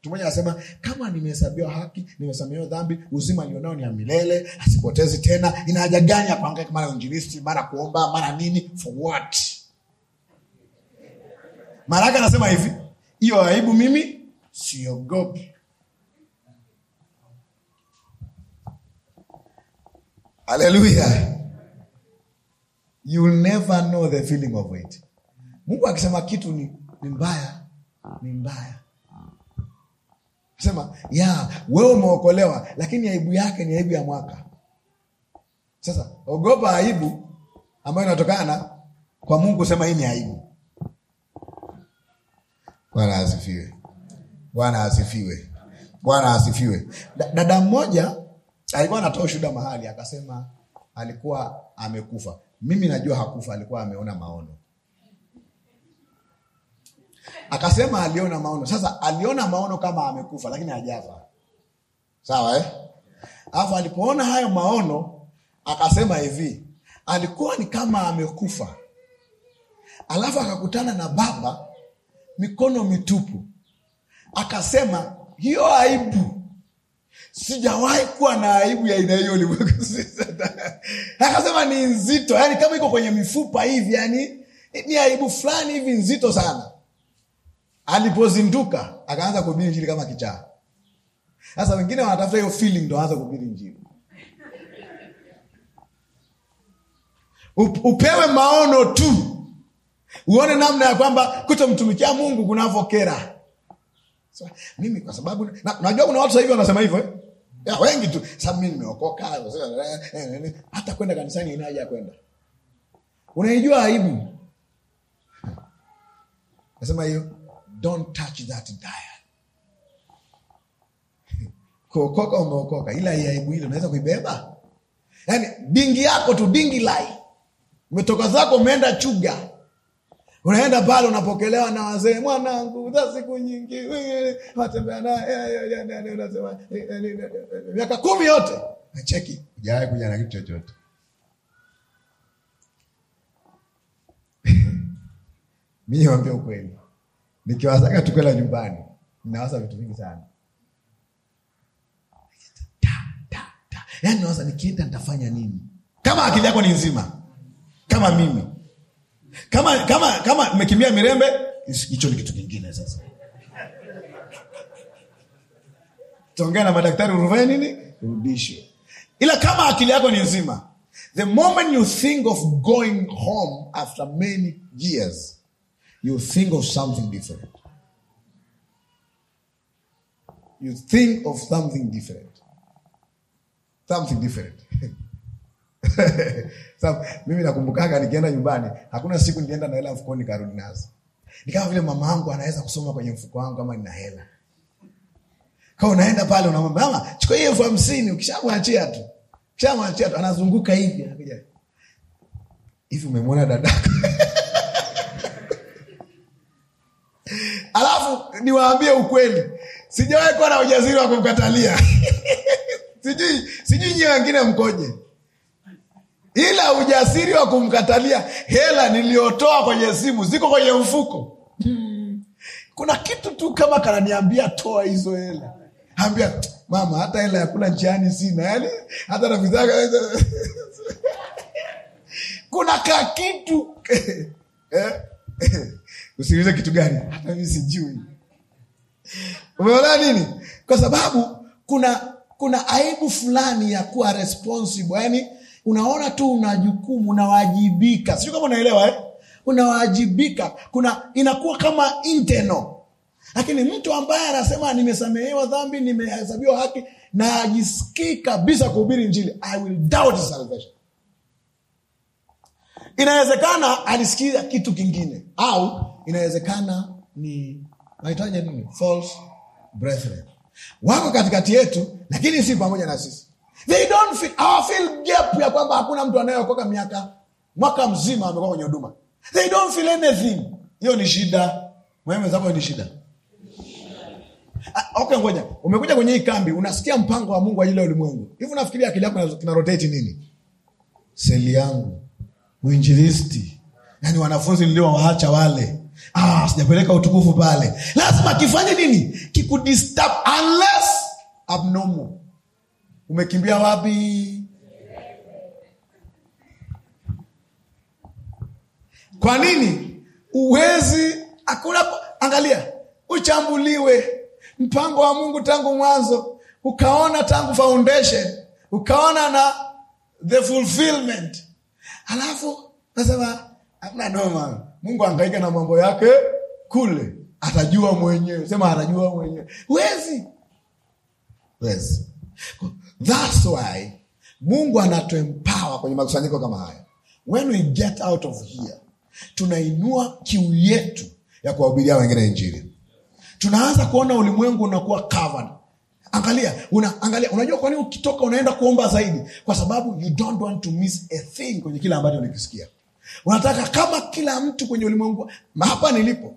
Mtu mmoja anasema kama nimehesabiwa haki, nimesamehewa dhambi, uzima alionao ni ya milele, asipotezi tena, ina haja gani ya kuhangaika mara injilisti, mara kuomba, mara nini, for what? Maraka anasema hivi hiyo aibu mimi siogopi. Haleluya! you never know the feeling of it. Mungu akisema kitu ni, ni mbaya ni mbaya sema ya wewe umeokolewa, lakini aibu yake ni aibu ya mwaka. Sasa ogopa aibu ambayo inatokana kwa Mungu, sema hii ni aibu. Bwana asifiwe. Bwana asifiwe. Bwana asifiwe. Dada mmoja alikuwa anatoa shuhuda mahali, akasema alikuwa amekufa. Mimi najua hakufa, alikuwa ameona maono. Akasema aliona maono. Sasa aliona maono kama amekufa, lakini hajafa, sawa eh? Alafu alipoona hayo maono akasema hivi, alikuwa ni kama amekufa, alafu akakutana na baba mikono mitupu, akasema hiyo aibu sijawahi kuwa na aibu ya aina hiyo ulimwengu. [laughs] Akasema ni nzito, yani kama iko kwenye mifupa hivi, yani ni aibu fulani hivi nzito sana. Alipozinduka akaanza kuhubiri Injili kama kichaa. Sasa wengine wanatafuta hiyo feeling ndo waanza kuhubiri Injili. Upewe maono tu uone namna ya kwamba kutomtumikia mungu kunavyokera so, mimi kwa sababu na, najua kuna watu sahivi wanasema hivyo eh? ya wengi tu sababu mi nimeokoka eh, eh, eh, hata kwenda kanisani inaja kwenda unaijua aibu nasema hiyo don't touch that dial [laughs] kuokoka umeokoka ila aibu ile unaweza kuibeba Yani dingi yako tu dingi lai umetoka zako umeenda chuga Unaenda pale unapokelewa na wazee, mwanangu, za siku nyingi, watembea miaka kumi yote nacheki, hujawahi kuja na kitu chochote. [laughs] Mi niwaambia ukweli, nikiwasaga tukwela nyumbani, nawaza vitu vingi sana yaani, nawasa nikienda ntafanya nini? Kama akili yako ni nzima kama mimi kama kama kama mmekimbia Mirembe, hicho ni kitu kingine. Sasa tongea na madaktari, uruvae nini, rudishwe. Ila kama akili yako ni nzima, the moment you think of going home after many years you think of something different, you think of something different, something different [laughs] [laughs] Sasa mimi nakumbukaga nikienda nyumbani, hakuna siku nilienda na hela mfukoni nikarudi nazo. Nikawa vile mama yangu anaweza kusoma kwenye mfuko wangu kama nina hela. Kwa unaenda pale unamwambia mama, chukua hiyo elfu hamsini ukishamwachia tu. Ukishamwachia tu anazunguka hivi anakuja. Hivi umemwona dada? [laughs] Alafu niwaambie ukweli, sijawahi kuwa na ujasiri wa kumkatalia. [laughs] Sijui sijui nyie wengine mkoje ila ujasiri wa kumkatalia hela niliyotoa kwenye simu ziko kwenye mfuko hmm. kuna kitu tu kama kananiambia toa hizo hela ambia mama hata hela ya kula njiani sina yani hata nafizaga [laughs] kuna ka kitu [laughs] eh? [laughs] usiulize kitu gani hata mi sijui umeona nini kwa sababu kuna kuna aibu fulani ya kuwa responsible yani unaona tu una jukumu, unawajibika. Sijui kama unaelewa eh? Unawajibika, kuna inakuwa kama interno Lakini mtu ambaye anasema nimesamehewa dhambi, nimehesabiwa haki na ajisikii kabisa kuhubiri njili I will doubt salvation. Inawezekana alisikia kitu kingine, au inawezekana ni nahitaji nini, false brethren wako katikati yetu, lakini si pamoja na sisi they don't feel, hawafeel gap ya kwamba hakuna mtu anayeokoka miaka mwaka mzima amekuwa kwenye huduma they don't feel anything hiyo ni shida mwenzako ni shida ah, okay ngoja umekuja kwenye hii kambi unasikia mpango wa mungu ajili ya ulimwengu hivi unafikiria akili yako kina roteti nini seli yangu mwinjilisti yani wanafunzi niliowaacha wale ah, sijapeleka utukufu pale lazima kifanye nini kikudisturb unless abnormal Umekimbia wapi? Kwa nini uwezi akula? Angalia, uchambuliwe mpango wa Mungu tangu mwanzo, ukaona tangu foundation, ukaona na the fulfillment, alafu nasema hakuna noma, Mungu angaika na mambo yake kule, atajua mwenyewe. Sema atajua mwenyewe, wezi wezi That's why Mungu anatuempower kwenye makusanyiko kama haya. When we get out of here, tunainua kiu yetu ya kuwahubiria wengine Injili. Tunaanza kuona ulimwengu unakuwa covered. Angalia, una, angalia, unajua kwa nini ukitoka unaenda kuomba zaidi? Kwa sababu you don't want to miss a thing kwenye kile ambacho unakisikia. Unataka kama kila mtu kwenye ulimwengu hapa nilipo,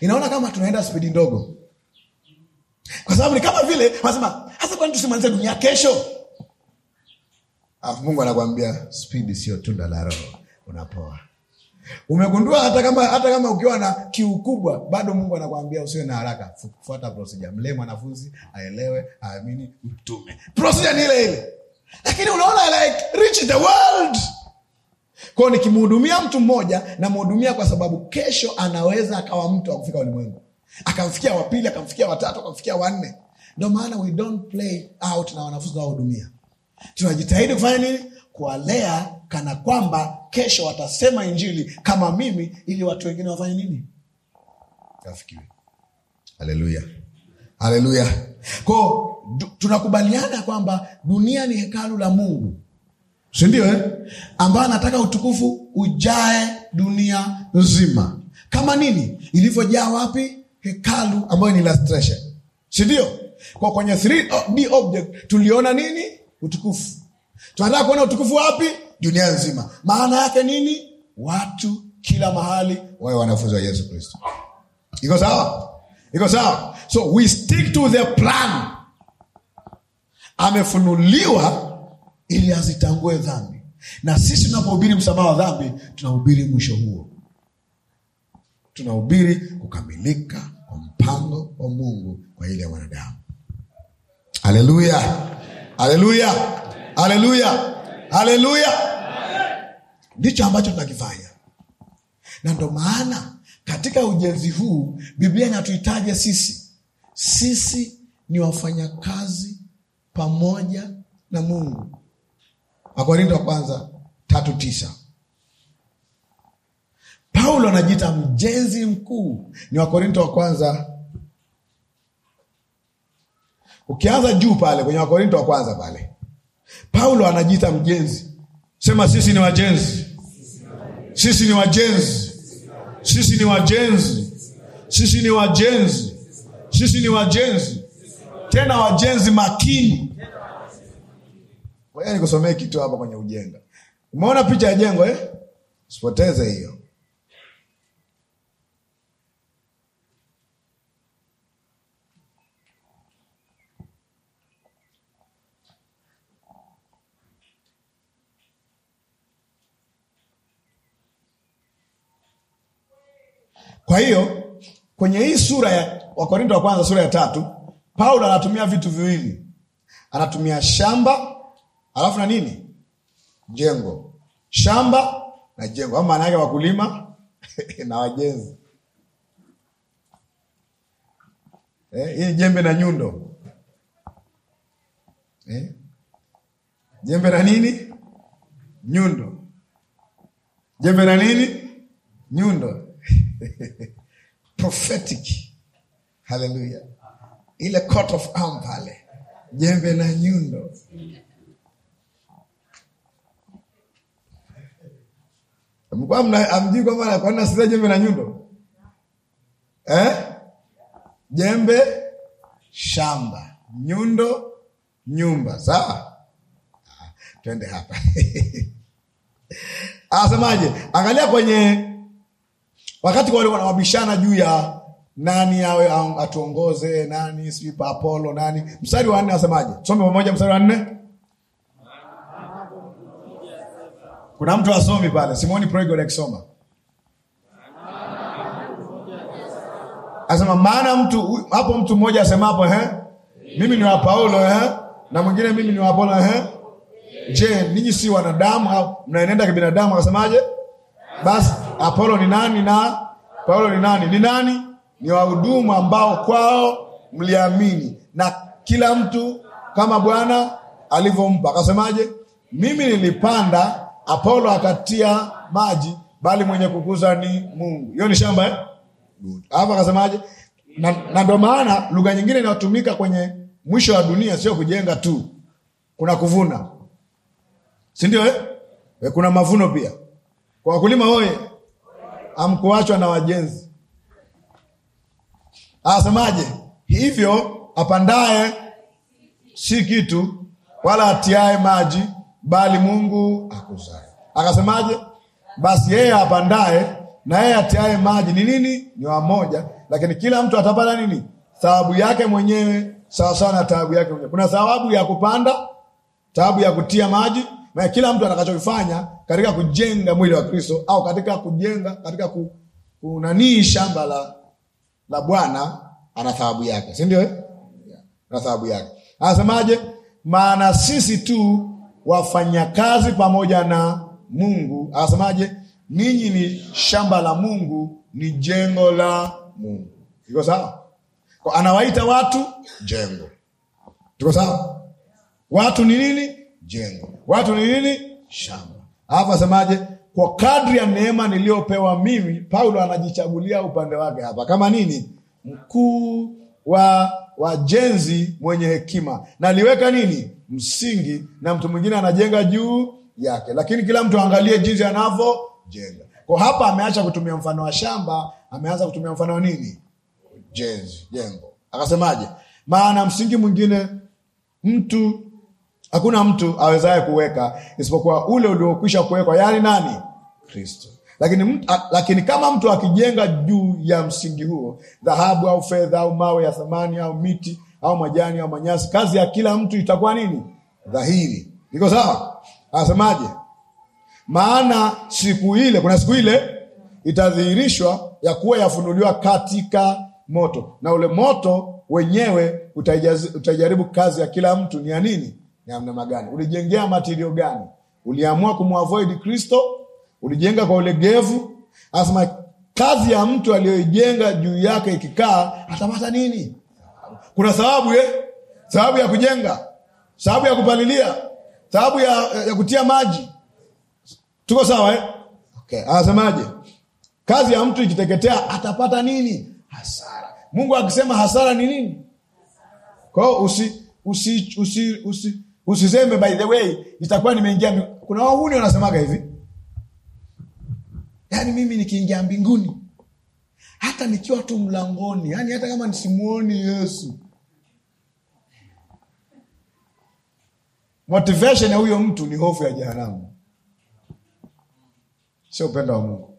inaona kama tunaenda spidi ndogo, kwa sababu ni kama vile wanasema hasa kwani tusimalize dunia kesho? Alafu ah, Mungu anakwambia spidi sio tunda la Roho, unapoa. Umegundua hata kama hata kama ukiwa na kiu kubwa, bado Mungu anakwambia usiwe na haraka, fuata prosija, Mlee mwanafunzi aelewe, aamini, mtume. Prosija ni ile ile, lakini unaona like reach the world kwao. Nikimhudumia mtu mmoja, namhudumia kwa sababu kesho anaweza akawa mtu akufika ulimwengu, akamfikia wapili, akamfikia watatu, akamfikia wanne. Ndio maana we don't play out na wanafunzi tunawahudumia, tunajitahidi kufanya nini? Kuwalea kana kwamba kesho watasema injili kama mimi, ili watu wengine wafanye nini? Afikiwe. Haleluya, haleluya. tunakubaliana kwamba dunia ni hekalu la Mungu, sindio eh? ambayo anataka utukufu ujae dunia nzima, kama nini ilivyojaa wapi? Hekalu ambayo ni si kwa kwenye 3D uh, object tuliona nini? Utukufu. Tunataka kuona utukufu wapi? Dunia nzima. Maana yake nini? Watu kila mahali wawe wanafunzi wa Yesu Kristo. Iko sawa? Iko sawa? So we stick to the plan. Amefunuliwa ili azitangue dhambi, na sisi tunapohubiri msamaha wa dhambi tunahubiri mwisho huo, tunahubiri kukamilika kwa mpango wa Mungu kwa ajili ya wanadamu haleluya haleluya haleluya haleluya ndicho ambacho tunakifanya na ndo maana katika ujenzi huu biblia inatuhitaja sisi sisi ni wafanyakazi pamoja na mungu wakorinto wa kwanza tatu tisa paulo anajiita mjenzi mkuu ni wakorinto wa kwanza Ukianza juu pale kwenye Wakorinto wa kwanza pale, Paulo anajiita mjenzi. Sema sisi ni wajenzi, sisi ni wajenzi, sisi ni wajenzi, sisi ni wajenzi, sisi ni wajenzi, tena wajenzi makini. Ngoja nikusomee kitu hapa kwenye ujenga. Umeona picha ya jengo eh? Usipoteze hiyo. Kwa hiyo kwenye hii sura ya Wakorinto wa kwanza sura ya tatu, Paulo anatumia vitu viwili, anatumia shamba alafu na nini, jengo. Shamba na jengo, maana yake wakulima [laughs] na wajenzi eh, hii jembe na nyundo eh, jembe na nini, nyundo, jembe na nini, nyundo [laughs] prophetic. Haleluya! Ile coat of arm pale, jembe na nyundo. Amjui kwamba kwa nini jembe na nyundo eh? Jembe shamba, nyundo nyumba. Sawa, ah, twende hapa. [laughs] Asemaje? Angalia kwenye Wakati wale wanawabishana juu ya nani awe atuongoze, nani sijui Apollo, nani. Mstari wa nne asemaje? Some pamoja, mstari wa nne. Kuna mtu asomi pale, Simoni Prego akisoma asema, maana mtu hapo, mtu mmoja asemapo eh, mimi ni wa Paulo eh, na mwingine mimi ni wa Apolo eh, je, ninyi si wanadamu? Mnaenenda kibinadamu? Akasemaje? Basi Apolo ni nani na Paulo ni nani? Ni nani? Ni wahudumu ambao kwao mliamini, na kila mtu kama Bwana alivyompa. Akasemaje? Mimi nilipanda, Apolo akatia maji, bali mwenye kukuza ni Mungu. Hiyo ni shamba eh? akasemaje? Na ndio maana lugha nyingine inayotumika kwenye mwisho wa dunia sio kujenga tu, kuna kuvuna, si ndio eh? eh kuna mavuno pia kwa wakulima woye amkuachwa na wajenzi. Asemaje? Hivyo apandaye si kitu wala atiae maji, bali Mungu akuzae Akasemaje? Basi yeye apandaye na yeye atiae maji ni nini? Ni wamoja, lakini kila mtu atapata nini? Thawabu yake mwenyewe sawasawa na thawabu yake mwenyewe. Kuna thawabu ya kupanda, thawabu ya kutia maji maana kila mtu anakachokifanya katika kujenga mwili wa Kristo au katika kujenga katika ku, kunanii shamba la, la Bwana ana thawabu yake, si ndio? Eh, ana thawabu yake. Anasemaje? Maana sisi tu wafanyakazi pamoja na Mungu. Anasemaje? Ninyi ni shamba la Mungu, ni jengo la Mungu. Iko sawa? Kwa anawaita watu jengo. Tuko sawa? Watu ni nini? jengo, watu ni nini? Shamba. Alafu asemaje? Kwa kadri ya neema niliyopewa mimi. Paulo anajichagulia upande wake hapa kama nini? Mkuu wa wajenzi mwenye hekima, naliweka nini msingi, na mtu mwingine anajenga juu yake, lakini kila mtu aangalie jinsi anavyojenga. Kwa hapa ameacha kutumia mfano wa shamba, ameanza kutumia mfano wa nini? Jenzi, jengo. Akasemaje? Maana msingi mwingine mtu Hakuna mtu awezaye kuweka isipokuwa ule uliokwisha kuwekwa, yaani nani? Kristo. Lakini, lakini kama mtu akijenga juu ya msingi huo, dhahabu au fedha au mawe ya thamani au miti au majani au manyasi, kazi ya kila mtu itakuwa nini? Dhahiri. Iko sawa? Anasemaje? Maana siku ile, kuna siku ile itadhihirishwa, ya kuwa yafunuliwa katika moto, na ule moto wenyewe utaijaribu kazi ya kila mtu ni ya nini? ni namna gani? Ulijengea matirio gani? Uliamua kumwavoid Kristo? Ulijenga kwa ulegevu? Anasema kazi ya mtu aliyoijenga juu yake ikikaa atapata nini? Kuna sababu eh? Sababu ya kujenga, sababu ya kupalilia, sababu ya, ya kutia maji. Tuko sawa eh? Okay. Anasemaje? Kazi ya mtu ikiteketea atapata nini? Hasara. Mungu akisema hasara ni nini? Kwa hiyo usi, usi, usi, usi Usiseme by the way nitakuwa nimeingia. Kuna wahuni wanasemaga hivi, yaani mimi nikiingia mbinguni, hata nikiwa tu mlangoni, yaani hata kama nisimuoni Yesu, motivation ya huyo mtu ni hofu ya jehanamu, sio upendo wa Mungu.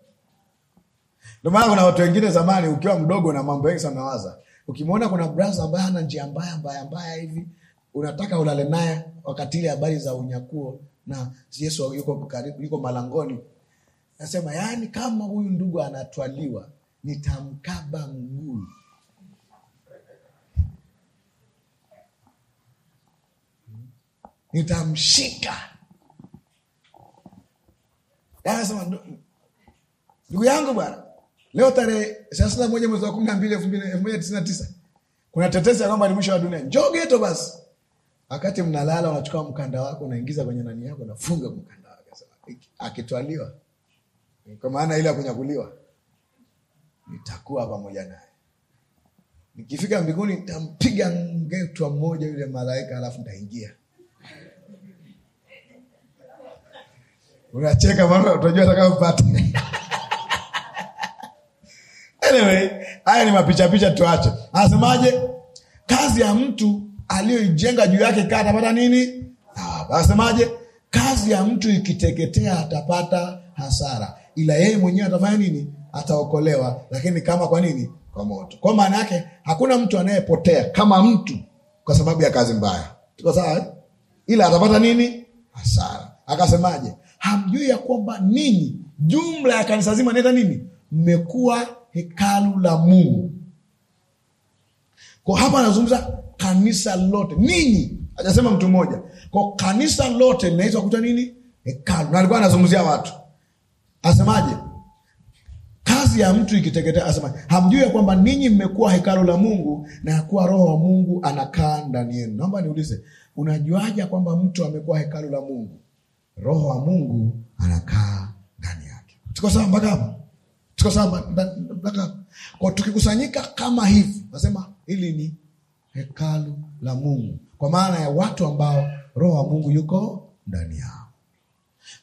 Ndio maana kuna watu wengine zamani, ukiwa mdogo na mambo mengi sana, waza ukimwona kuna brasa ambaye ana njia mbaya mbaya mbaya hivi unataka ulale naye wakati ile habari za unyakuo na Yesu yuko karibu, yuko malangoni, nasema yaani, kama huyu ndugu anatwaliwa nitamkaba mguu. Nitamshika. Anasema yaani ndugu yangu bwana, leo tarehe thelathini na moja mwezi wa kumi na mbili elfu mbili tisini na tisa kuna tetesi ya kwamba ni mwisho wa dunia. Njoo geto basi Wakati mnalala unachukua mkanda wako unaingiza kwenye nani yako, nafunga mkanda wako akitwaliwa, kwa maana ile akunyakuliwa, nitakuwa pamoja naye, nikifika mbinguni nitampiga ngetwa mmoja yule malaika, alafu ntaingia Unacheka maana utajua atakaopata. Anyway, haya ni mapichapicha, tuache. Anasemaje? kazi ya mtu aliyoijenga juu yake kaa atapata nini? Thawabu. Ah, Anasemaje? Kazi ya mtu ikiteketea atapata hasara, ila yeye mwenyewe atafanya nini? Ataokolewa, lakini kama kwa nini? Kwa moto. Kwa maana yake hakuna mtu anayepotea kama mtu kwa sababu ya kazi mbaya, tuko sawa eh? Ila atapata nini? Hasara. Akasemaje? Hamjui ya kwamba ninyi jumla ya kanisa zima naita nini, mmekuwa hekalu la Mungu kwa hapa anazungumza kanisa lote, ninyi, hajasema mtu mmoja. Kwa kanisa lote linaitwa kuta nini? Hekalu. Na alikuwa anazungumzia watu, asemaje? Kazi ya mtu ikiteketea, asema Hamjui ya kwamba ninyi mmekuwa hekalu la Mungu na yakuwa Roho wa Mungu anakaa ndani yenu. Naomba niulize, unajuaje kwamba mtu amekuwa hekalu la Mungu? Roho wa Mungu anakaa ndani yake. Tuko sawa mpaka hapo? Tuko sawa mpaka hapo? Kwa tukikusanyika kama hivi, nasema Hili ni hekalu la Mungu, kwa maana ya watu ambao roho wa Mungu yuko ndani yao.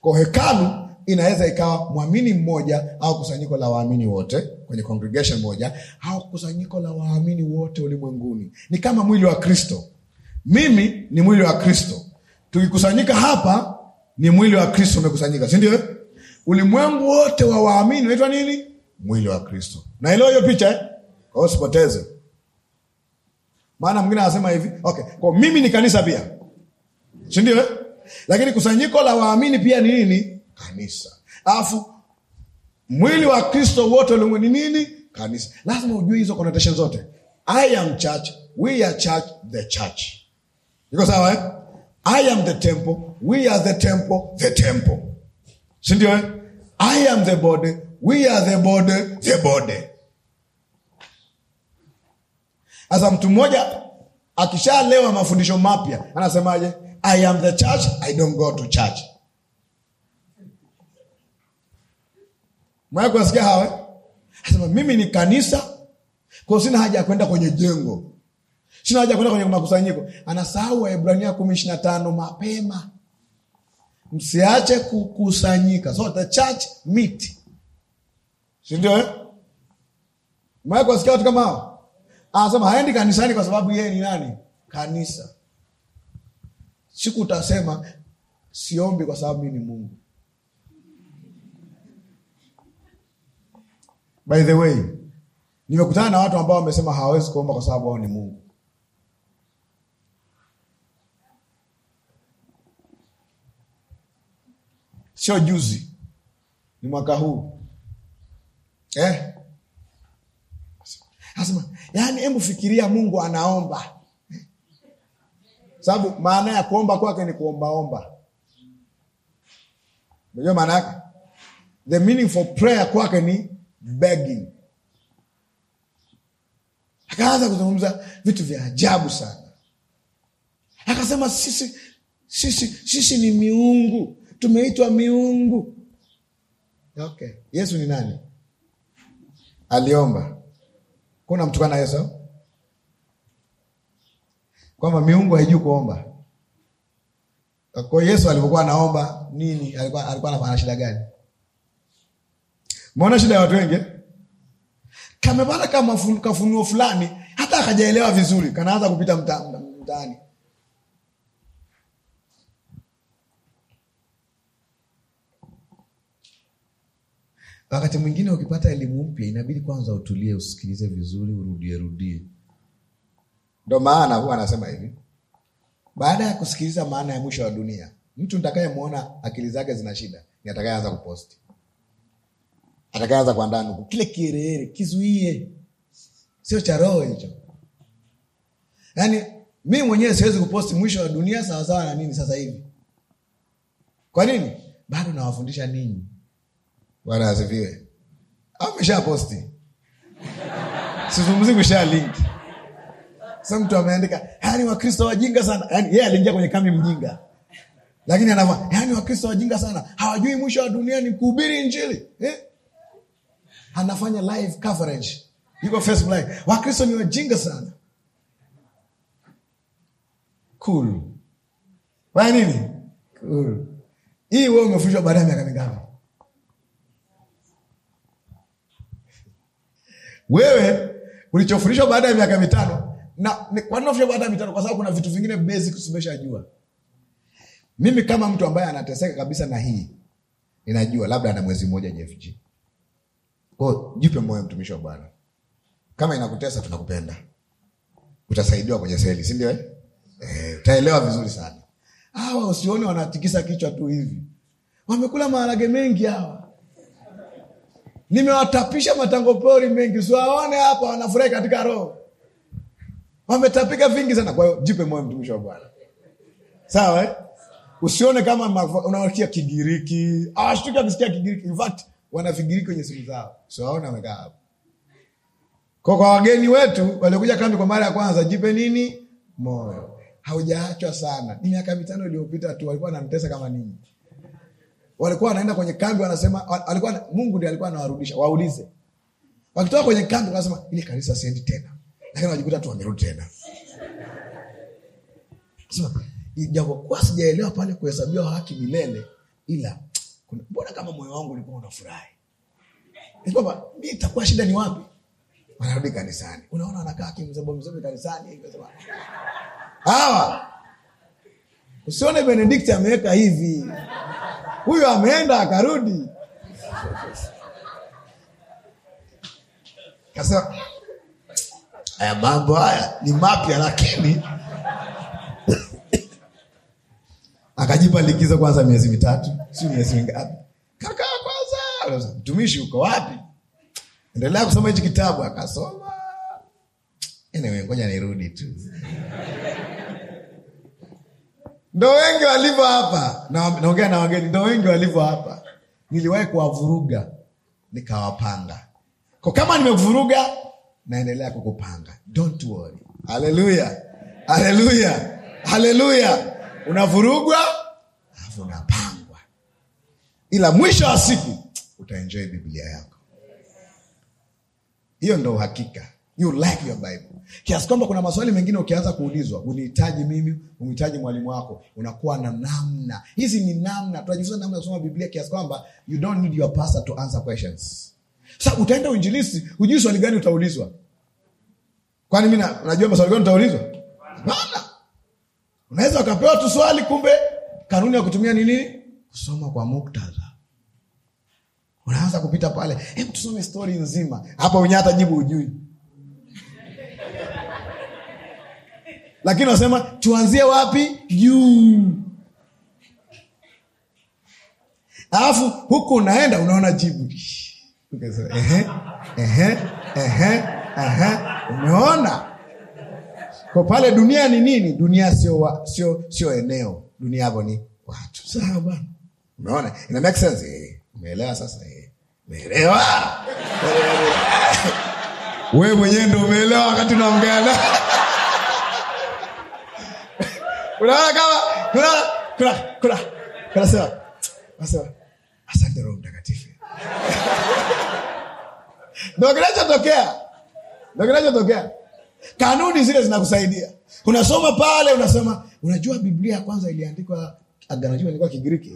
Kwa hekalu inaweza ikawa mwamini mmoja au kusanyiko la waamini wote kwenye congregation moja au kusanyiko la waamini wote ulimwenguni. Ni kama mwili wa Kristo. Mimi ni mwili wa Kristo, tukikusanyika hapa ni mwili wa Kristo umekusanyika, si ndio? Ulimwengu wote wa waamini unaitwa nini? Mwili wa Kristo. Naelewa hiyo picha eh? Usipoteze. Maana mwingine anasema hivi okay, kwa mimi ni kanisa pia, sindio? Eh? Lakini kusanyiko la waamini pia ni nini? Kanisa. Alafu mwili wa Kristo wote ulimwenguni ni nini? Kanisa. Lazima ujue hizo connotation zote. I am church, we are church, the church. Iko sawa eh? I am the temple, we are the temple, the temple. sindio eh? I am the body, we are the body, the body. Sasa mtu mmoja akishalewa mafundisho mapya anasemaje? I am the church, I don't go to church. Mwaya kuwasikia hawa eh? anasema mimi ni kanisa, kwa sina haja ya kwenda kwenye jengo, sina haja ya kwenda kwenye makusanyiko. Anasahau Waebrania kumi ishirini na tano mapema, msiache kukusanyika. So the church meet, Sindio ndio eh? Mwaya kuwasikia watu kama hawa anasema haendi kanisani kwa sababu yeye ni nani? Kanisa. Siku utasema siombi kwa sababu mi ni Mungu. By the way, nimekutana na watu ambao wamesema hawawezi kuomba kwa sababu wao ni Mungu. Sio juzi, ni mwaka huu eh? Asema yaani hebu fikiria mungu anaomba sababu maana ya kuomba kwake ni kuombaomba najua maana yake the meaning for prayer kwake ni begging akaanza kuzungumza vitu vya ajabu sana akasema sisi sisi sisi ni miungu tumeitwa miungu okay yesu ni nani aliomba kuna kana Yesu kwamba miungu haijui kuomba. Kwa Yesu alipokuwa anaomba nini, alikuwa alikuwa ana shida gani? Umeona shida ya watu wengi kamepata kama kafunuo fulani, hata akajaelewa vizuri, kanaanza kupita mtaani mta, mta, mta, mta. Wakati mwingine ukipata elimu mpya inabidi kwanza utulie, usikilize vizuri, urudie rudie. Ndo maana huwa anasema hivi, baada ya kusikiliza maana ya mwisho wa dunia, mtu ntakayemwona akili zake zina shida ni atakayeanza kuposti, atakayeanza kuandaa nuku. Kile kiherehere kizuie, sio cha roho hicho. Yani mi mwenyewe siwezi kuposti mwisho wa dunia sawasawa na nini sasa hivi. Kwa nini? Bado nawafundisha ninyi Bwana asifiwe. Au mesha posti sizungumzi kusha link. Sasa mtu ameandika yaani Wakristo wajinga sana, yani, yeye aliingia kwenye kambi mjinga, lakini anava yaani Wakristo wajinga sana, hawajui mwisho wa dunia ni kuhubiri Injili eh? Anafanya live coverage, yuko Facebook live, Wakristo ni wajinga sana. Cool. Waya nini? Cool. Hii wewe umefunzwa baada ya miaka mingapi? Wewe ulichofundishwa baada ya miaka mitano na kwa nini unafundishwa baada ya mitano? Kwa sababu kuna vitu vingine basic umeshajua. Mimi kama mtu ambaye anateseka kabisa na hii ninajua, labda ana mwezi mmoja JFG. Kwa jipe moyo, mtumishi wa Bwana, kama inakutesa tunakupenda, utasaidiwa kwenye seli, si ndio? Eh, eh utaelewa vizuri sana. Hawa usione wanatikisa kichwa tu hivi, wamekula maharage mengi hawa Nimewatapisha matango pori mengi, siwaone hapa wanafurahi katika roho, wametapika vingi sana. Kwa hiyo jipe moyo, mtumishi wa Bwana, sawa eh? Usione kama unawakia Kigiriki, awashtuki wakisikia Kigiriki. In fact wanavigiriki kwenye simu zao, siwaone wamekaa hapa. Kwa kwa wageni wetu waliokuja kambi kwa mara ya kwanza, jipe nini moyo, haujaachwa sana. Ni miaka mitano iliyopita tu walikuwa wanamtesa kama nini walikuwa wanaenda kwenye kambi wanasema, alikuwa Mungu ndiye alikuwa anawarudisha. Waulize, wakitoka kwenye kambi wanasema ile kanisa siendi tena, lakini wajikuta tu wamerudi tena. Sasa Japokuwa sijaelewa pale kuhesabiwa haki milele, ila mbona kama moyo wangu ulikuwa unafurahi kwamba mimi itakuwa shida ni wapi? Wanarudi kanisani, unaona wanakaa kimzebomzebe kanisani. Hawa usione Benedict ameweka hivi huyu ameenda akarudi, kasema haya mambo haya ni mapya, lakini akajipa likizo kwanza miezi mitatu, si miezi mingapi? Kaka kwanza, mtumishi uko wapi? Endelea kusoma hichi kitabu. Akasoma, anyway, ngoja nirudi tu ndo wengi walivyo hapa. Naongea na wageni, ndo wengi walivyo hapa. Niliwahi kuwavuruga nikawapanga, kwa kama nimevuruga naendelea kukupanga, don't worry. Haleluya, haleluya, haleluya! Unavurugwa alafu unapangwa, ila mwisho wa siku utaenjoy Biblia yako. Hiyo ndo uhakika, you like your Bible kiasi kwamba kuna maswali mengine ukianza kuulizwa, unihitaji mimi, umhitaji mwalimu wako, unakuwa na namna. Hizi ni namna, tunajifunza namna ya kusoma Biblia kiasi kwamba you don't need your pastor to answer questions. Sasa utaenda uinjilisti, hujui swali gani utaulizwa. Kwani mi najua maswali gani utaulizwa? Hapana, unaweza ukapewa tu swali, kumbe kanuni ya kutumia ni nini? Kusoma kwa muktadha unaanza kupita pale, hebu tusome stori nzima hapa, wenyewe hata jibu hujui lakini wanasema tuanzie wapi juu alafu huku unaenda unaona jibu umeona kwa pale dunia ni nini dunia sio sio sio eneo dunia hapo ni watu sawa bwana umeona ina make sense eh, umeelewa sasa eh, umeelewa [laughs] wewe mwenyewe ndo umeelewa wakati unaongea na unaona kama nasema asante roho mtakatifu [laughs] kinachotokea kinachotokea kanuni zile zinakusaidia unasoma pale unasema unajua biblia kwanza iliandikwa agano ilikuwa kigiriki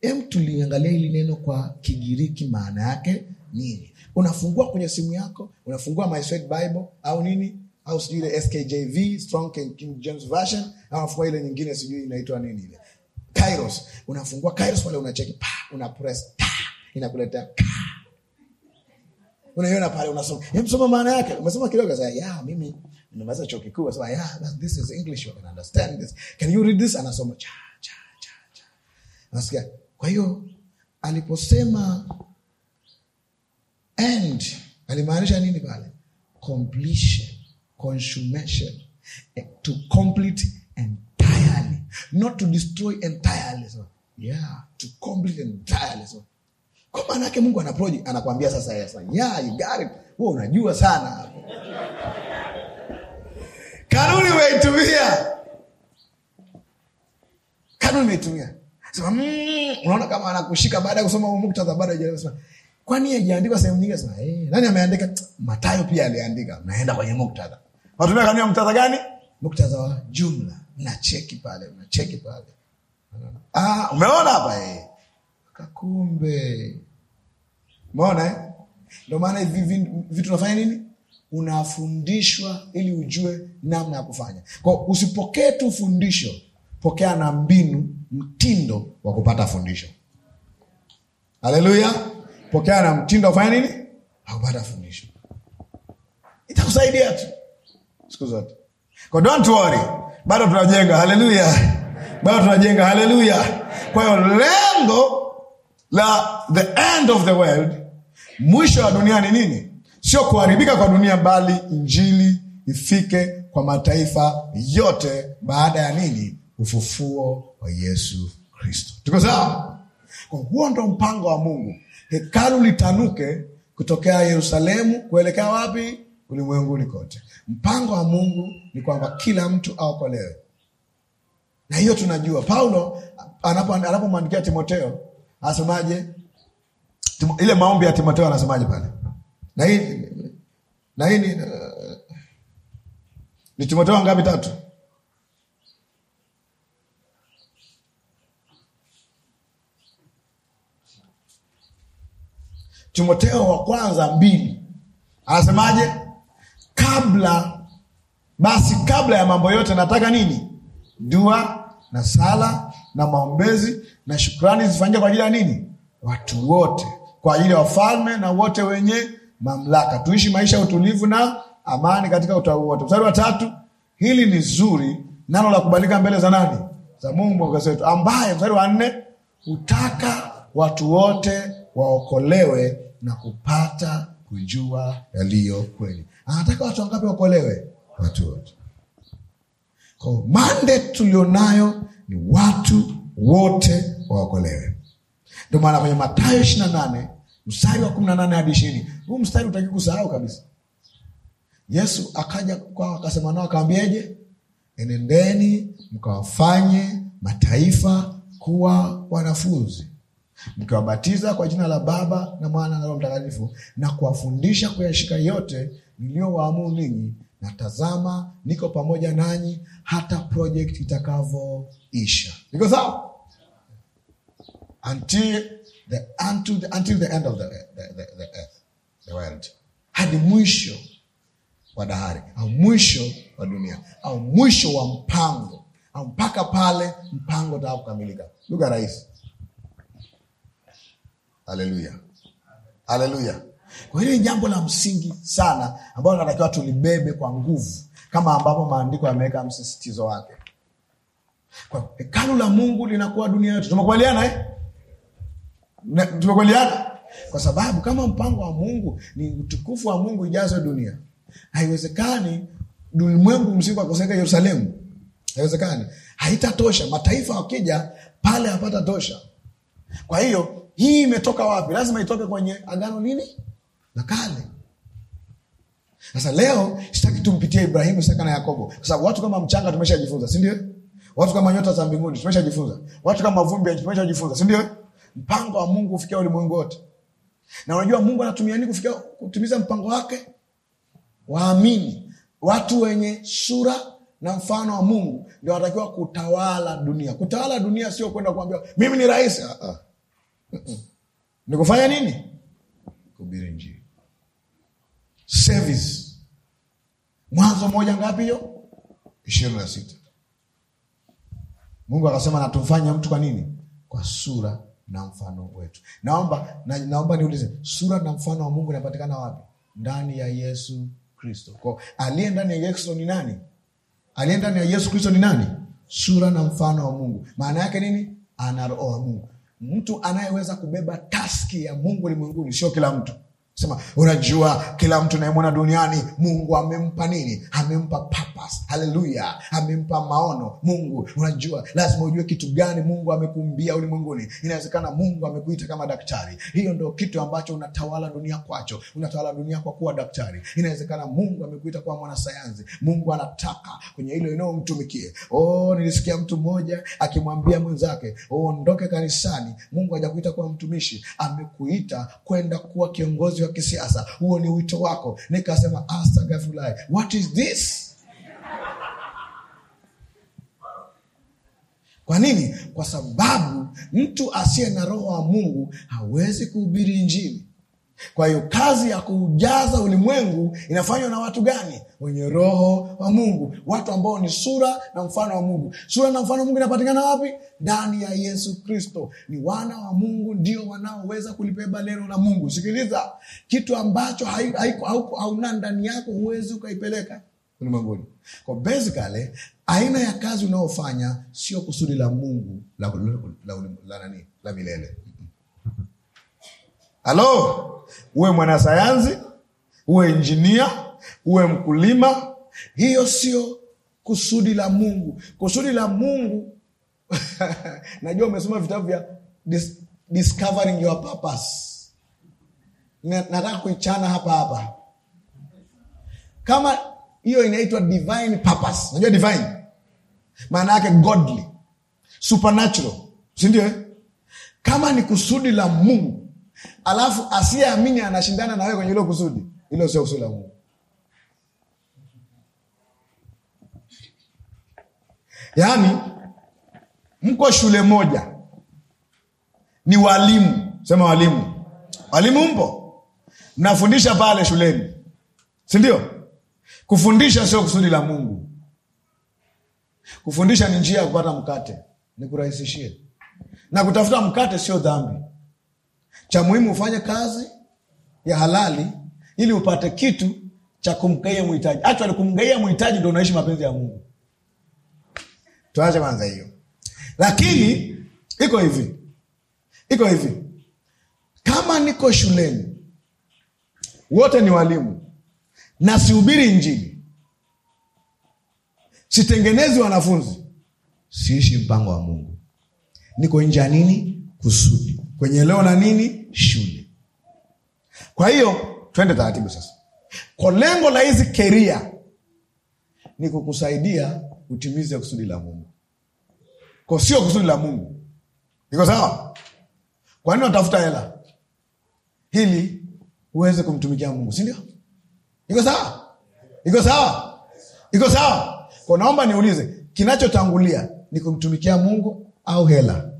em tuliangalia hili neno kwa kigiriki maana yake nini unafungua kwenye simu yako unafungua my sweet bible au nini au sijui ile SKJV, Strong King James Version, au afungua ile nyingine sijui inaitwa nini ile Kairos. Unafungua Kairos pale, unacheki pa, una press pa, inakuletea ka. Unaiona pale, unasoma emsoma maana yake, umesoma kidogo sasa. Ya mimi nimemaliza chuo kikuu, sasa ya this is English, you can understand this, can you read this? Anasoma cha cha cha cha, nasikia. Kwa hiyo aliposema and alimaanisha nini pale? Completion consummation, eh, to complete entirely, not to destroy entirely. So, yeah, to complete entirely. So, kwa maana yake Mungu anaproji project anakwambia sasa, yes, yeah, you got it. Wewe unajua sana kanuni umeitumia, kanuni umeitumia. Sema so, mm, unaona kama anakushika baada ya kusoma muktadha, baada ya kusoma kwani haijaandikwa sehemu nyingi sana. Eh, nani ameandika? Matayo pia aliandika. Naenda kwenye muktadha Watumia kanuni ya muktadha gani? Muktadha wa jumla. Mnacheki pale, mnacheki pale. Ah, umeona hapa eh. Kakumbe. Umeona eh? Ndio maana hivi vitu nafanya nini? Unafundishwa ili ujue namna ya kufanya. Kwa usipokee tu fundisho, pokea na mbinu, mtindo wa kupata fundisho. Haleluya! Pokea na mtindo wa kufanya nini? Wa kupata fundisho. Itakusaidia tu siku zote. Kwa don't worry, bado tunajenga. Haleluya, bado tunajenga. Haleluya. Kwa hiyo lengo la the end of the world, mwisho wa dunia ni nini? Sio kuharibika kwa dunia, bali injili ifike kwa mataifa yote, baada ya nini? Ufufuo wa Yesu Kristo. Tuko sawa? Huo ndo mpango wa Mungu, hekalu litanuke kutokea Yerusalemu kuelekea wapi? ulimwenguni kote. Mpango wa Mungu ni kwamba kila mtu aokolewe, na hiyo tunajua. Paulo anapomwandikia Timoteo anasemaje? Ile maombi ya Timoteo anasemaje pale? na hii na hii ni, eh, ni Timoteo ngapi? Tatu. Timoteo wa kwanza mbili anasemaje? kabla basi, kabla ya mambo yote nataka nini? Dua na sala na maombezi na shukrani zifanyike kwa ajili ya nini? Watu wote, kwa ajili ya wafalme na wote wenye mamlaka, tuishi maisha ya utulivu na amani katika utauu wote. Mstari wa tatu, hili ni zuri nalo la kubalika mbele za nani? Za Mungu Mwokozi wetu, ambaye, mstari wa nne, hutaka watu wote waokolewe na kupata kujua yaliyo kweli. Anataka watu wangapi wakolewe? Watu wote. Kwa mande tulionayo ni watu wote waokolewe. Ndio maana kwenye Mathayo ishirini na nane mstari wa kumi na nane hadi ishirini huu mstari utaki kusahau kabisa. Yesu akaja kwao akasema nao akawambiaje? Enendeni mkawafanye mataifa kuwa wanafunzi mkiwabatiza kwa jina la Baba na Mwana na Roho Mtakatifu na kuwafundisha kuyashika yote niliyowaamuru ninyi, na tazama, niko pamoja nanyi hata project itakavyoisha. Iko sawa? Until the, until the, until the end of the, the, the, the earth, the world, hadi mwisho wa dahari au mwisho wa dunia au mwisho wa mpango au mpaka pale mpango utakapokamilika. Lugha rahisi Haleluya, haleluya. Kwa hili ni jambo la msingi sana ambalo natakiwa tulibebe kwa nguvu, kama ambapo maandiko yameweka msisitizo wake. Kwa hekalu la Mungu linakuwa dunia yote. Tumekubaliana eh? Tumekubaliana kwa sababu kama mpango wa Mungu ni utukufu wa Mungu ijazo dunia, haiwezekani ulimwengu mzima akusanyika Yerusalemu, haiwezekani, haitatosha. Mataifa wakija pale tosha. Kwa hiyo hii imetoka wapi? Lazima itoke kwenye agano nini la kale. Sasa leo sitaki tumpitie Ibrahimu, Isaka na Yakobo, kwa sababu watu kama mchanga tumeshajifunza, si ndio? Watu kama nyota za mbinguni tumeshajifunza, watu kama vumbi tumeshajifunza, si ndio? Mpango wa Mungu hufikia ulimwengu wote, na unajua Mungu anatumia nini kufikia kutimiza mpango wake? Waamini, watu wenye sura na mfano wa Mungu ndio wanatakiwa kutawala dunia. Kutawala dunia sio kwenda kuambia mimi ni rais. Ah, ah ni kufanya nini? Kuhubiri Injili. Service. Mwanzo moja ngapi hiyo? ishirini na sita. Mungu akasema natumfanya mtu kwa nini? Kwa sura na mfano wetu. Naomba na, naomba niulize, sura na mfano wa Mungu inapatikana wapi? Ndani ya Yesu Kristo. Kwa aliye ndani ya Yesu ni nani? Aliye ndani ya Yesu Kristo ni nani? Sura na mfano wa Mungu. Maana yake nini? Ana roho wa Mungu mtu anayeweza kubeba taski ya Mungu ulimwenguni sio kila mtu sema unajua, kila mtu nayemwona duniani Mungu amempa nini? Amempa papas Haleluya, amempa maono. Mungu, unajua, lazima ujue kitu gani Mungu amekumbia ulimwenguni. Inawezekana Mungu amekuita kama daktari, hiyo ndo kitu ambacho unatawala dunia kwacho. Unatawala dunia kwa kuwa daktari. Inawezekana Mungu amekuita kuwa mwanasayansi. Mungu anataka kwenye hilo eneo umtumikie. Oh, nilisikia mtu mmoja akimwambia mwenzake uondoke oh, kanisani. Mungu hajakuita kuwa mtumishi, amekuita kwenda kuwa kiongozi wa kisiasa, huo ni wito wako. Nikasema astagfirullah, what is this? Kwa nini? Kwa sababu mtu asiye na roho wa Mungu hawezi kuhubiri njini kwa hiyo kazi ya kujaza ulimwengu inafanywa na watu gani? Wenye roho wa Mungu, watu ambao ni sura na mfano wa Mungu. Sura na mfano wa Mungu inapatikana wapi? Ndani ya Yesu Kristo. Ni wana wa Mungu ndio wanaoweza kulibeba neno la Mungu. Sikiliza, kitu ambacho hauna ndani yako huwezi ukaipeleka ulimwenguni. Kwa basically, aina ya kazi unaofanya sio kusudi la Mungu la, la, la, la, la, la milele. Halo, uwe mwanasayansi, uwe injinia, uwe mkulima, hiyo sio kusudi la Mungu. Kusudi la Mungu [laughs] najua umesoma vitabu vya dis discovering your purpose. Nataka kuichana hapa hapa, kama hiyo inaitwa divine purpose. Najua divine maana yake godly supernatural, sindio? Eh? Kama ni kusudi la Mungu alafu asiyeamini anashindana na wewe kwenye hilo kusudi, hilo sio kusudi la Mungu. Yaani mko shule moja, ni walimu, sema walimu, walimu mpo, mnafundisha pale shuleni, si ndio? Kufundisha sio kusudi la Mungu. Kufundisha ni njia ya kupata mkate, nikurahisishie. Na kutafuta mkate sio dhambi. Cha muhimu ufanye kazi ya halali ili upate kitu cha kumgaia mhitaji. Hata kumgaia mhitaji ndo unaishi mapenzi ya Mungu. Tuache kwanza hiyo, lakini iko hivi, iko hivi. Kama niko shuleni, wote ni walimu na sihubiri Injili, sitengenezi wanafunzi, siishi mpango wa Mungu, niko nje ya nini? Kusudi kwenye leo na nini shule. Kwa hiyo twende taratibu sasa, kwa lengo la hizi keria ni kukusaidia utimize kusudi la Mungu, kwa sio kusudi la Mungu. Niko sawa? Kwa nini unatafuta hela hili uweze kumtumikia Mungu, si ndio? Iko sawa? Iko sawa? Iko sawa? Kwa naomba niulize, kinachotangulia ni kumtumikia Mungu au hela?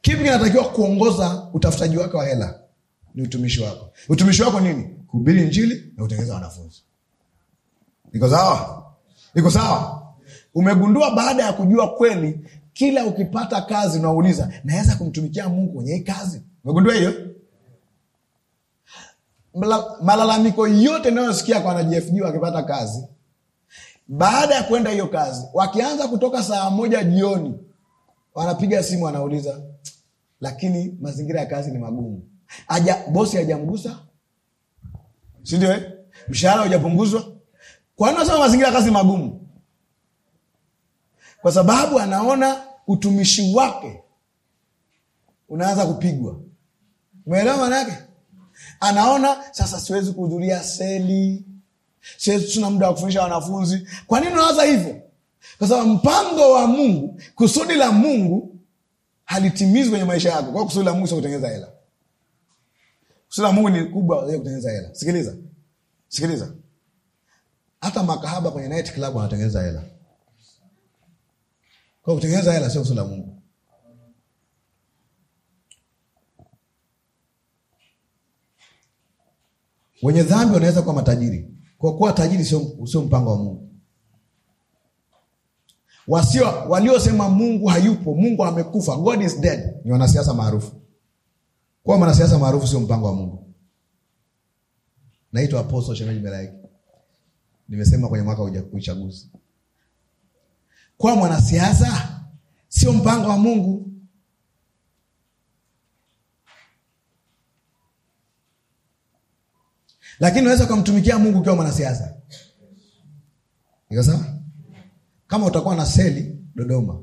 Kipi kinatakiwa kuongoza utafutaji wake wa hela? Ni utumishi wako. Utumishi wako nini? Kuhubiri njili na kutengeneza wanafunzi. Iko sawa? Iko sawa? Umegundua baada ya kujua kweli, kila ukipata kazi unauliza, naweza kumtumikia Mungu kwenye hii kazi? Umegundua hiyo? Malalamiko yote inayosikia kwa wanajfg wakipata kazi, baada ya kuenda hiyo kazi, wakianza kutoka saa moja jioni Wanapiga simu, anauliza, lakini mazingira ya kazi ni magumu. Aja, bosi hajamgusa, si ndio? Eh, mshahara hujapunguzwa. Kwa nini nasema mazingira ya kazi ni magumu? Kwa sababu anaona utumishi wake unaanza kupigwa. Umeelewa maana yake? Anaona sasa, siwezi kuhudhuria seli, siwezi, tuna muda wa kufundisha wanafunzi. Kwa nini unawaza hivyo? kwa sababu mpango wa Mungu, kusudi la Mungu halitimizwi kwenye maisha yako. Kwa kusudi la Mungu sio kutengeneza hela. Kusudi la Mungu ni kubwa kutengeneza hela. Sikiliza, sikiliza, hata makahaba kwenye night club wanatengeneza hela. Kwa kutengeneza hela sio kusudi la Mungu. Wenye dhambi wanaweza kuwa matajiri, kwa kuwa tajiri sio mpango wa Mungu wasio waliosema Mungu hayupo, Mungu amekufa, God is dead, ni wanasiasa maarufu. Kuwa mwanasiasa maarufu sio mpango wa Mungu. Naitwa Apostle Shemeji nimesema kwenye mwaka wa uchaguzi. Kuwa mwanasiasa sio mpango wa Mungu. Lakini unaweza ukamtumikia Mungu ukiwa mwanasiasa. Ndio sawa? kama utakuwa na seli Dodoma,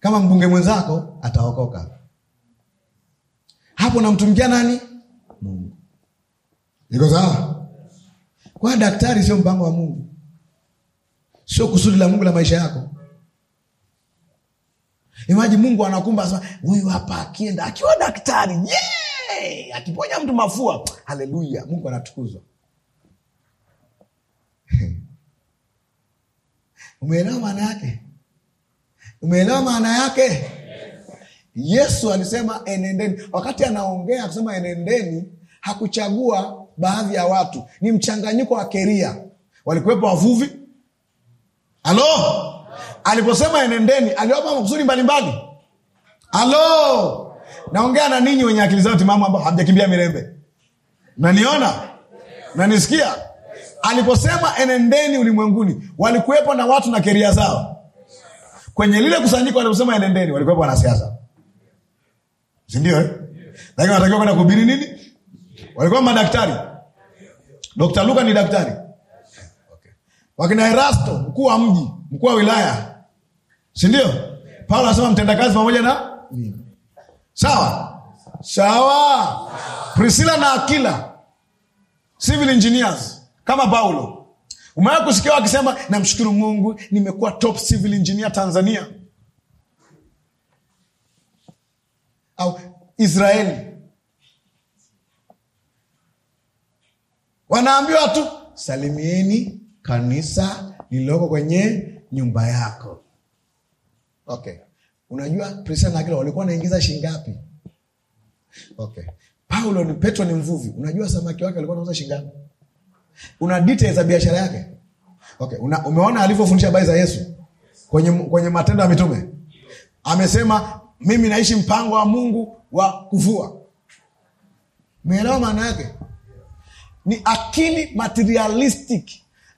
kama mbunge mwenzako ataokoka hapo, namtumikia nani? Mungu. Niko sawa? Kwa daktari sio mpango wa Mungu, sio kusudi la Mungu la maisha yako. Imaji Mungu anakumba asema huyu hapa akienda akiwa daktari, yeah! akiponya mtu mafua, haleluya, Mungu anatukuzwa. Umeelewa maana yake? Umeelewa maana yake? Yesu alisema enendeni. Wakati anaongea kusema enendeni, hakuchagua baadhi ya watu, ni mchanganyiko wa keria. Walikuwepo wavuvi. Halo, aliposema enendeni, aliwapa makusudi mbalimbali. Halo, naongea na ninyi wenye akili zao timamu ambao hamjakimbia mirembe. Naniona? Nanisikia? aliposema enendeni ulimwenguni, walikuwepo na watu na keria zao. Kwenye lile kusanyiko aliposema enendeni, walikuwepo wanasiasa, sindio eh? Lakini wanatakiwa kwenda kuhubiri nini? Walikuwa madaktari. Dokta Luka ni daktari, Wakina Erasto mkuu wa mji, mkuu wa wilaya, sindio? Paulo anasema mtendakazi pamoja na sawa sawa, Priscilla na Akila, civil engineers kama Paulo. Umewahi kusikia wakisema namshukuru Mungu nimekuwa top civil engineer Tanzania au Israeli? Wanaambiwa tu salimieni kanisa lililoko kwenye nyumba yako. Okay, unajua Priscilla na Akila walikuwa wanaingiza shilingi ngapi? Okay, Paulo ni Petro ni mvuvi. Unajua samaki wake alikuwa wanauza shilingi ngapi? una details za biashara yake okay. Una, umeona alivyofundisha habari za Yesu kwenye, kwenye Matendo ya Mitume amesema mimi naishi mpango wa Mungu wa kuvua. Umeelewa maana yake? Ni akili materialistic,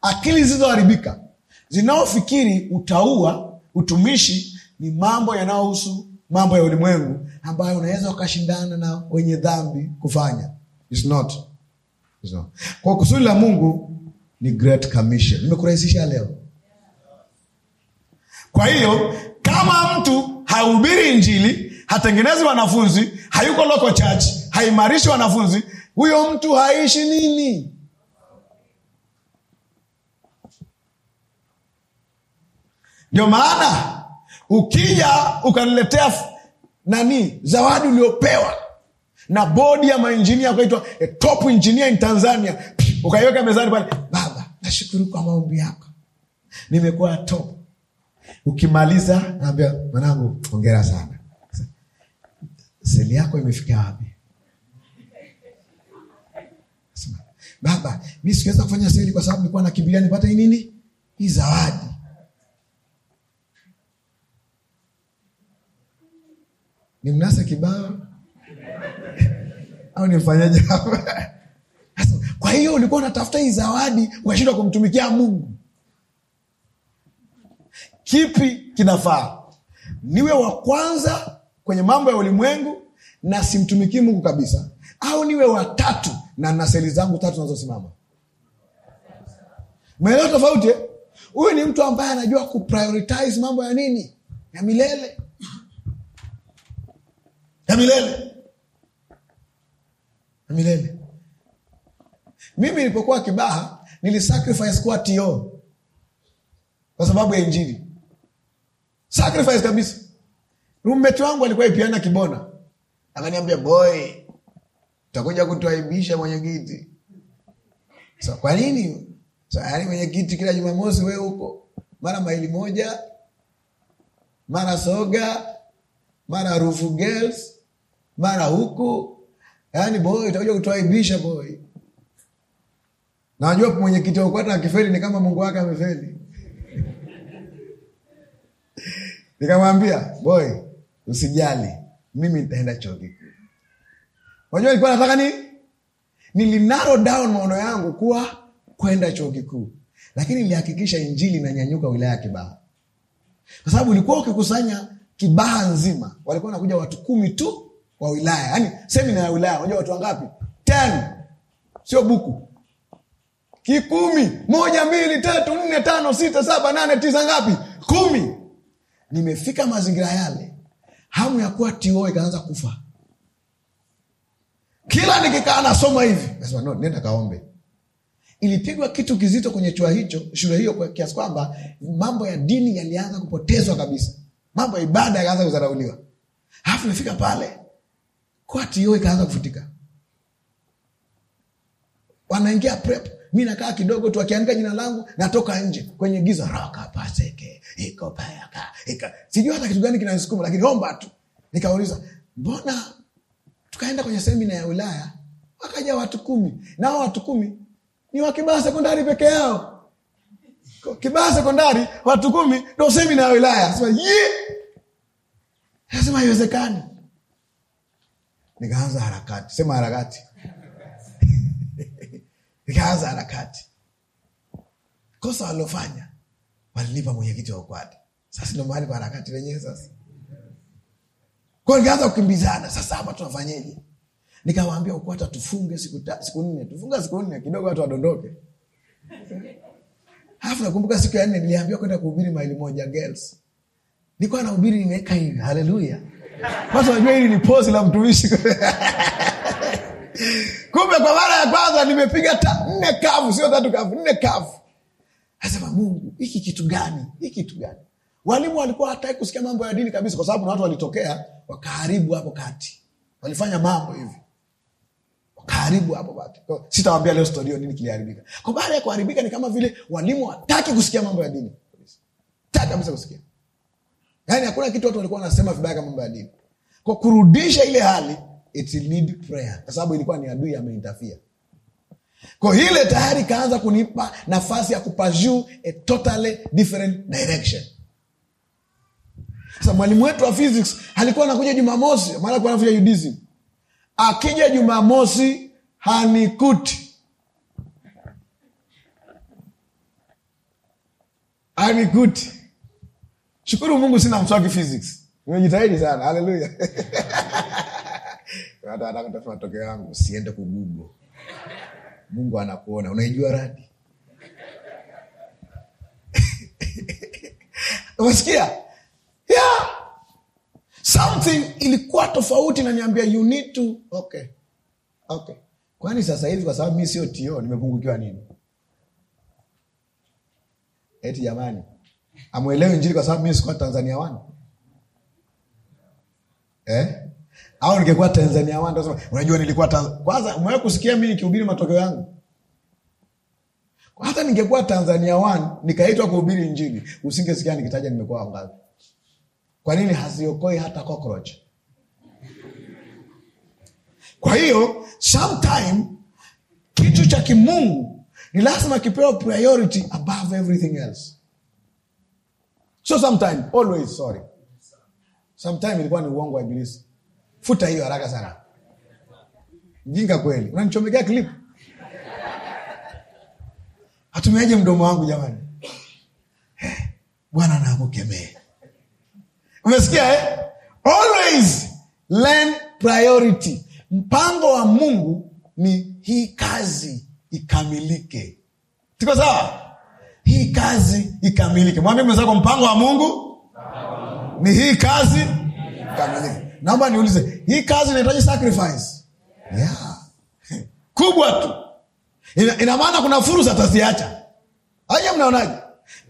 akili zilizoharibika zinaofikiri utaua, utumishi ni mambo yanayohusu mambo ya ulimwengu ambayo unaweza ukashindana na wenye dhambi kufanya. It's not So, kwa kusudi la Mungu ni Great Commission. Nimekurahisisha leo. Kwa hiyo kama mtu hahubiri Injili, hatengenezi wanafunzi, hayuko loko church, haimarishi wanafunzi, huyo mtu haishi nini? Ndio maana ukija ukaniletea nani zawadi uliopewa na bodi ya mainjinia ukaitwa eh, top engineer in Tanzania, ukaiweka mezani pale, baba, nashukuru kwa maombi yako, nimekuwa top. Ukimaliza naambia mwanangu, ongera sana, seli yako imefikia wapi? Baba, mi sikuweza kufanya seli kwa sababu nilikuwa nakimbilia nipate hii nini, hii zawadi. Ni mnasa kibao au nimfanyaje hapa? [laughs] Kwa hiyo ulikuwa unatafuta hii zawadi ukashindwa kumtumikia Mungu. Kipi kinafaa? Niwe wa kwanza kwenye mambo ya ulimwengu na simtumikii Mungu kabisa, au niwe wa tatu na na seli zangu tatu nazosimama? Maeneo tofauti. Eh? Huyu ni mtu ambaye anajua kuprioritize mambo ya nini, ya milele, ya milele na milele. Mimi nilipokuwa Kibaha nilisacrifice kuwa TO kwa sababu ya Injili, sacrifice kabisa. rumeti wangu alikuwa ipiana Kibona, akaniambia boy, utakuja kutuaibisha mwenyekiti. So, kwa nini? So, yaani mwenyekiti kila Jumamosi we huko mara maili moja mara soga mara rufu girls mara huku yaani boy utakuja kutuaibisha boy najua mwenyekiti wa UKWATA akifeli ni kama mungu wake amefeli [laughs] nikamwambia boy usijali mimi nitaenda chuo kikuu unajua nilikuwa nataka nini nilinaro down maono yangu kuwa kwenda chuo kikuu lakini nilihakikisha injili inanyanyuka wilaya ya kibaha kwa sababu ulikuwa ukikusanya kibaha nzima walikuwa nakuja watu kumi tu wa wilaya, yani semina ya wilaya. Unajua watu wangapi? Tano, sio buku kikumi. Moja, mbili, tatu, nne, tano, sita, saba, nane, tisa, ngapi? Kumi. Nimefika mazingira yale, hamu ya kuwa tio ikaanza kufa. Kila nikikaa nasoma hivi, nasema no, nenda kaombe. Ilipigwa kitu kizito kwenye chua hicho shule hiyo, kwa kiasi kwamba mambo ya dini yalianza kupotezwa kabisa, mambo ya ibada yakaanza kudharauliwa. Alafu imefika pale kwati yo ikaanza kufutika, wanaingia prep. Mi nakaa kidogo tu, akiandika jina langu natoka nje kwenye giza roka paseke iko payaka ika, sijui hata kitu gani kinanisukuma, lakini omba tu. Nikauliza mbona, tukaenda kwenye semina ya Ulaya, wakaja watu kumi, na nao watu kumi ni wa Kibaha sekondari peke yao. Kibaha sekondari watu kumi ndo semina ya Ulaya. Sema ye, nasema haiwezekani nikaanza harakati, sema harakati [laughs] nikaanza harakati. Kosa walilofanya walinipa mwenyekiti wa ukwati. Sasa ndo mahali pa harakati wenyewe. Sasa kwao nikaanza kukimbizana, sasa hapa tunafanyeje? Nikawaambia ukwata tufunge siku, siku nne, tufunga siku nne kidogo watu wadondoke. [laughs] Alafu nakumbuka siku ya nne niliambiwa kwenda kuhubiri maili moja girls, nilikuwa nahubiri nimeweka hivi haleluya basi unajua hili ni pozi la mtumishi kumbe kwa mara ya kwanza nimepiga ta nne kavu, sio tatu kavu, nne kavu. Asema Mungu, hiki kitu gani? Hiki kitu gani? Walimu walikuwa hataki kusikia mambo ya dini kabisa, kwa sababu na watu walitokea wakaharibu hapo kati, walifanya mambo hivi wakaharibu hapo kati. Sitawambia leo nini kiliharibika. Kwa baada ya kuharibika, ni kama vile walimu hataki kusikia mambo ya dini kabisa kusikia yani hakuna kitu watu walikuwa wanasema vibaya kama mambo ya dini. Kwa kurudisha ile hali it need prayer, kwa sababu ilikuwa ni adui ameintafia. Kwa hile tayari kaanza kunipa nafasi ya kupajuu a totally different direction. Sasa mwalimu wetu wa physics alikuwa anakuja Jumamosi, maana alikuwa anafunza judism, Akija Jumamosi hanikuti, hanikuti Shukuru Mungu sina mswaki physics. Nimejitahidi sana. Haleluya. [laughs] atatafa matokeo yangu, siende kugugo. Mungu anakuona. Unaijua radi. [laughs] umesikia Yeah. Something ilikuwa tofauti naniambia you need to okay. Okay. Kwani sasa hivi kwa sababu mi sio tio nimepungukiwa nini? Eti jamani amwelewe njiri kwa sababu mi sikuwa Tanzania wana eh? au nikikuwa Tanzania wana, unajua nilikuwa Tanz... Kwanza umewai kusikia mi nikihubiri matokeo yangu? Hata ningekuwa Tanzania wana nikaitwa kuhubiri Injili, usingesikia nikitaja nimekuwa wangapi. Kwa nini haziokoi hata cockroach? Kwa hiyo sometime kitu cha kimungu ni lazima kipewa priority above everything else. So sometime, always sorry. Sometime ilikuwa ni uongo wa Ibilisi. Futa hiyo haraka sana. Jinga kweli. Unanichomekea clip. Hatumiaje mdomo wangu jamani? Eh, Bwana na Umesikia eh? Always learn priority. Mpango wa Mungu ni hii kazi ikamilike. Tuko sawa? hii kazi ikamilike. Mwambie mwenzako, mpango wa Mungu ni hii kazi ikamilike. Naomba niulize, hii kazi inahitaji sacrifice yeah. [laughs] kubwa tu. Ina, ina maana kuna fursa taziacha Aje, mnaonaje?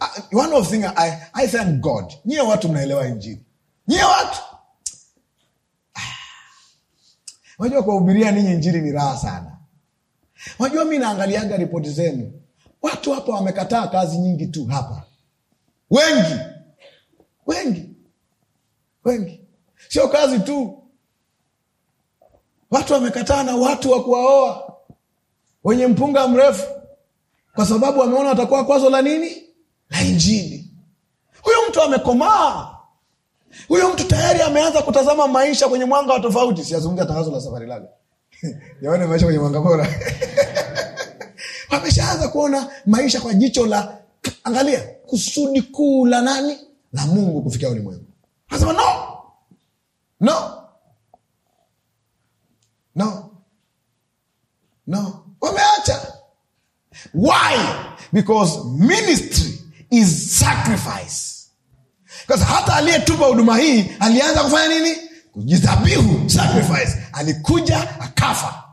Ah, one of thing I, I thank God, nyie watu mnaelewa Injili, nyie watu unajua [sighs] kuwahubiria ninyi Injili ni raha sana. najua mi naangaliaga ripoti zenu Watu hapa wamekataa kazi nyingi tu hapa, wengi wengi wengi, sio kazi tu. Watu wamekataa na watu wa kuwaoa wenye mpunga mrefu, kwa sababu wameona watakuwa kwazo la nini, la Injili. Huyo mtu amekomaa, huyo mtu tayari ameanza kutazama maisha kwenye mwanga wa tofauti. Siazungumzia tangazo la safari lala, [laughs] yaone maisha kwenye mwanga bora [laughs] ameshaanza kuona maisha kwa jicho la angalia kusudi kuu la nani la mungu kufikia ulimwengu anasema no no no no wameacha why because ministry is sacrifice Because hata aliyetupa huduma hii alianza kufanya nini kujidhabihu sacrifice alikuja akafa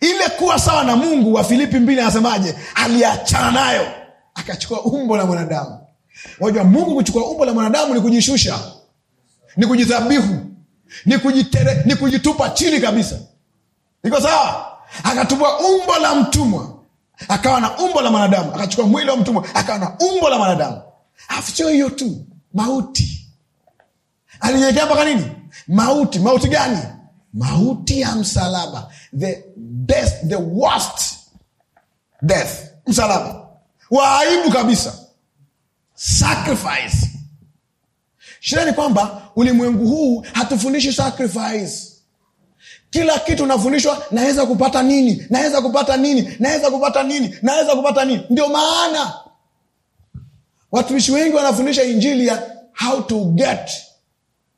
ile kuwa sawa na mungu wa filipi mbili anasemaje aliachana nayo akachukua umbo la mwanadamu Wajua, mungu kuchukua umbo la mwanadamu ni kujishusha ni kujidhabihu ni, kujitere, ni kujitupa chini kabisa iko sawa akatubua umbo la mtumwa akawa na umbo la mwanadamu akachukua mwili wa mtumwa akawa na umbo la mwanadamu afsio hiyo tu mauti alinyekea mpaka nini mauti mauti gani mauti ya msalaba the death, the worst death, msalaba wa aibu kabisa, sacrifice. Shida ni kwamba ulimwengu huu hatufundishi sacrifice. Kila kitu unafundishwa, naweza kupata nini, naweza kupata nini, naweza kupata nini, naweza kupata nini. Ndio maana watumishi wengi wanafundisha injili ya how to get.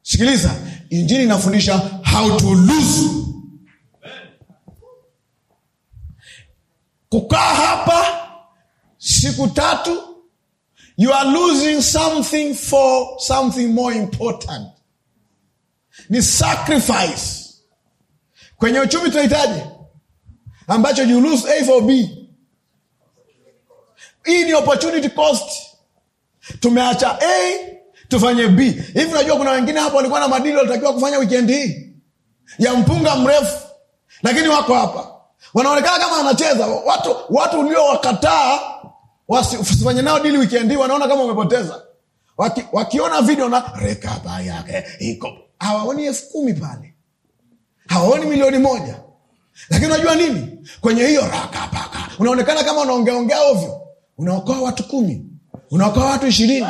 Sikiliza, injili inafundisha how to lose kukaa hapa siku tatu you are losing something for something more important ni sacrifice kwenye uchumi tunahitaji ambacho you lose a for b hii ni opportunity cost tumeacha a tufanye b hivi unajua kuna wengine hapa walikuwa na madili walitakiwa kufanya wikendi hii ya mpunga mrefu lakini wako hapa wanaonekana kama anacheza watu watu uliowakataa usifanye nao dili wikendi wanaona kama umepoteza Waki, wakiona video na rekaba yake iko hawaoni elfu kumi pale hawaoni milioni moja lakini unajua nini kwenye hiyo rakapaka unaonekana kama unaongeaongea ovyo unaokoa watu kumi unaokoa watu ishirini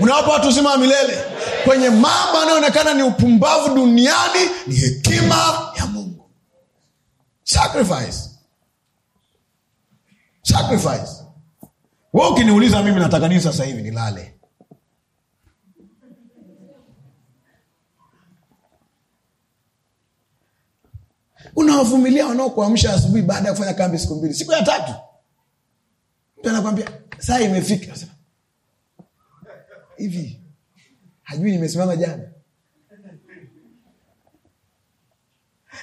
unawapa watu uzima wa milele kwenye mambo anayoonekana ni upumbavu duniani ni hekima Sacrifice, sacrifice. We ukiniuliza mimi nataka nini sasa hivi, nilale. Unawavumilia wanaokuamsha asubuhi baada ya kufanya kambi siku mbili, siku ya tatu mtu anakwambia saa imefika hivi, hajui nimesimama jana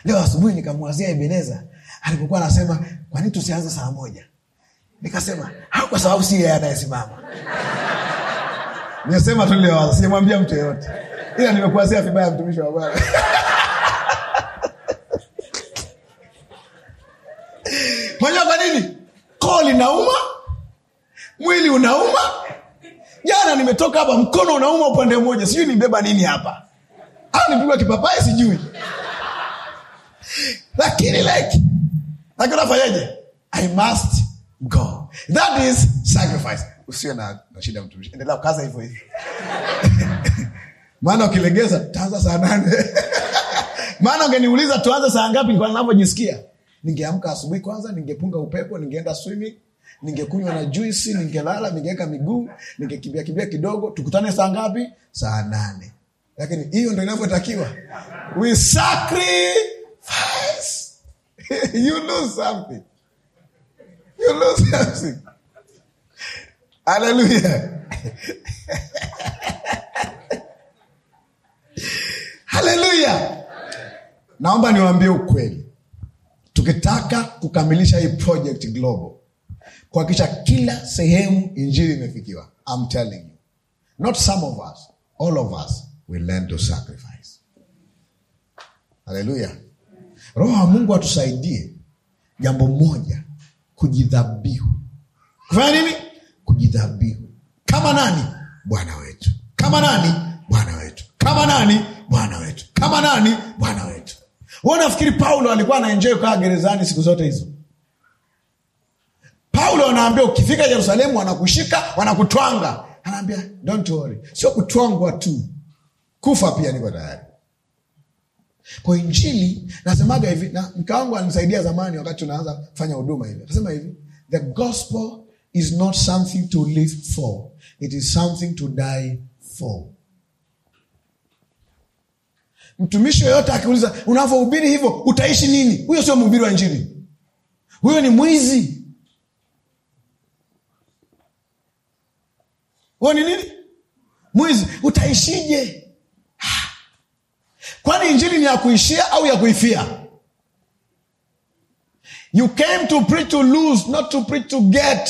Leo asubuhi nikamwazia Ebeneza alipokuwa anasema kwa nini tusianze saa moja? Nikasema au kwa sababu si yeye anayesimama. Nimesema tu niliowaza, sijamwambia mtu yeyote, ila nimekuazia vibaya, mtumishi wa Bwana. Mwajua kwa nini? Koo linauma, mwili unauma. Jana nimetoka hapa, mkono unauma upande mmoja, sijui nimbeba nini hapa, au nipigwa kipapai, sijui lakini leki lakini unafanyaje? i must go that is sacrifice usiwe na, na shida mtumishi endelea ukaza hivyo hivyo [laughs] maana ukilegeza taanza saa nane [laughs] maana ungeniuliza tuanze saa ngapi kwa navyojisikia ningeamka asubuhi kwanza ningepunga upepo ningeenda swimming ningekunywa na juisi ningelala ningeweka miguu ningekimbia kimbia kidogo tukutane saa ngapi saa nane lakini hiyo ndo inavyotakiwa we sacrifice [laughs] you lose something. You lose something. Hallelujah. [laughs] Hallelujah. Naomba niwaambie ukweli. Tukitaka kukamilisha hii project global, kuhakikisha kila sehemu injili imefikiwa, I'm telling you, not some of us, all of us will learn to sacrifice. Hallelujah. Roho wa Mungu atusaidie jambo moja, kujidhabihu. Kufanya nini? Kujidhabihu kama nani? Bwana wetu. Kama nani? Bwana wetu. Kama nani? Bwana wetu. Kama nani? Bwana wetu. huo nafikiri Paulo alikuwa anaenjoy kaa gerezani siku zote hizo? Paulo anaambia ukifika Yerusalemu wanakushika, wanakutwanga. Anaambia don't worry, sio kutwangwa tu, kufa pia niko tayari. Kwa injili nasemaga hivi, na mke wangu alinisaidia zamani, wakati tunaanza kufanya huduma hivi, akasema hivi, the gospel is not something to live for, it is something to die for. Mtumishi yoyote akiuliza unavyohubiri hivyo utaishi nini, huyo sio mhubiri wa injili, huyo ni mwizi. Huyo ni nini? Mwizi. Utaishije? kwani injili ni ya kuishia au ya kuifia you came to preach to lose not to preach to get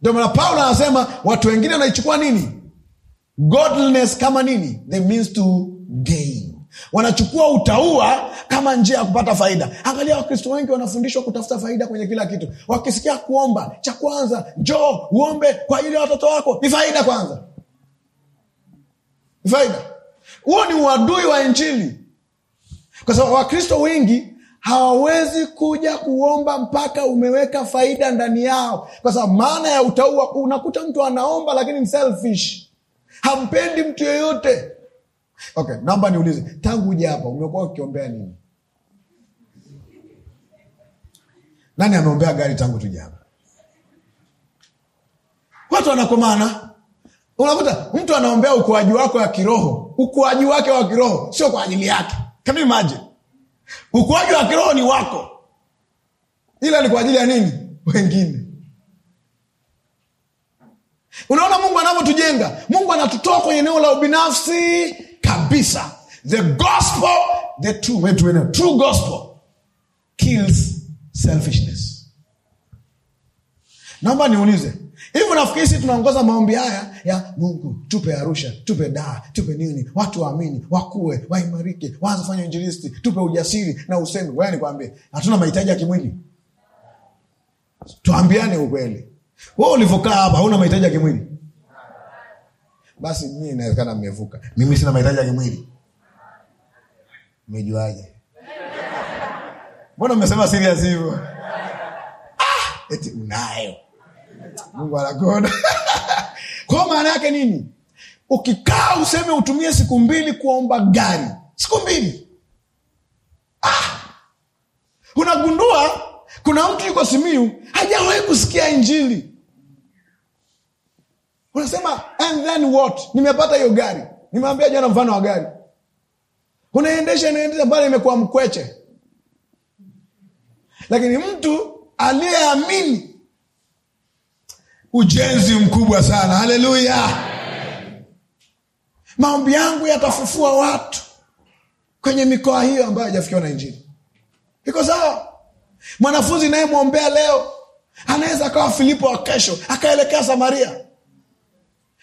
ndio maana paulo anasema watu wengine wanaichukua nini godliness kama nini the means to gain wanachukua utaua kama njia ya kupata faida angalia wakristo wengi wanafundishwa kutafuta faida kwenye kila kitu wakisikia kuomba cha kwanza njoo uombe kwa ajili ya watoto wako ni faida kwanza ni faida huo ni uadui wa Injili, kwa sababu Wakristo wengi hawawezi kuja kuomba mpaka umeweka faida ndani yao, kwa sababu maana ya utaua, unakuta mtu anaomba lakini ni selfish, hampendi mtu yeyote. Okay, naomba niulize, tangu uja hapa umekuwa ukiombea nini? Nani ameombea gari tangu tuja hapa? Watu wanakomana Unakuta mtu anaombea ukuaji wako wa kiroho, ukuaji wake wa kiroho sio kwa ajili yake. kamimaji Ukuaji wa kiroho ni wako, ila ni kwa ajili ya nini? Wengine. Unaona Mungu anavyotujenga. Mungu anatutoa kwenye eneo la ubinafsi kabisa. The gospel, the true, true gospel kills selfishness. Naomba niulize hivyo nafikiri sii tunaongoza maombi haya ya mungu tupe arusha tupe daa tupe nini watu waamini wakuwe waimarike waanze kufanya injilisti tupe ujasiri na usemi wewe nikwambie hatuna mahitaji ya kimwili tuambiane ukweli we ulivokaa hapa hauna mahitaji ya kimwili basi nyii inawezekana mmevuka mimi sina mahitaji ya kimwili mejuaje mbona mmesema siri hivyo ah, eti unayo Mungu anakonda [laughs] kwa Maana yake nini? Ukikaa useme utumie siku mbili kuomba gari, siku mbili ah! Unagundua kuna mtu yuko Simiu hajawahi kusikia Injili, unasema and then what? Nimepata hiyo gari, nimeambia jana mfano wa gari, unaendesha inaendesha mpaka imekuwa mkweche, lakini mtu aliyeamini ujenzi mkubwa sana. Haleluya! Maombi yangu yatafufua watu kwenye mikoa hiyo ambayo hajafikiwa na Injili. Iko sawa? Mwanafunzi nayemwombea leo anaweza akawa Filipo wa kesho, akaelekea Samaria.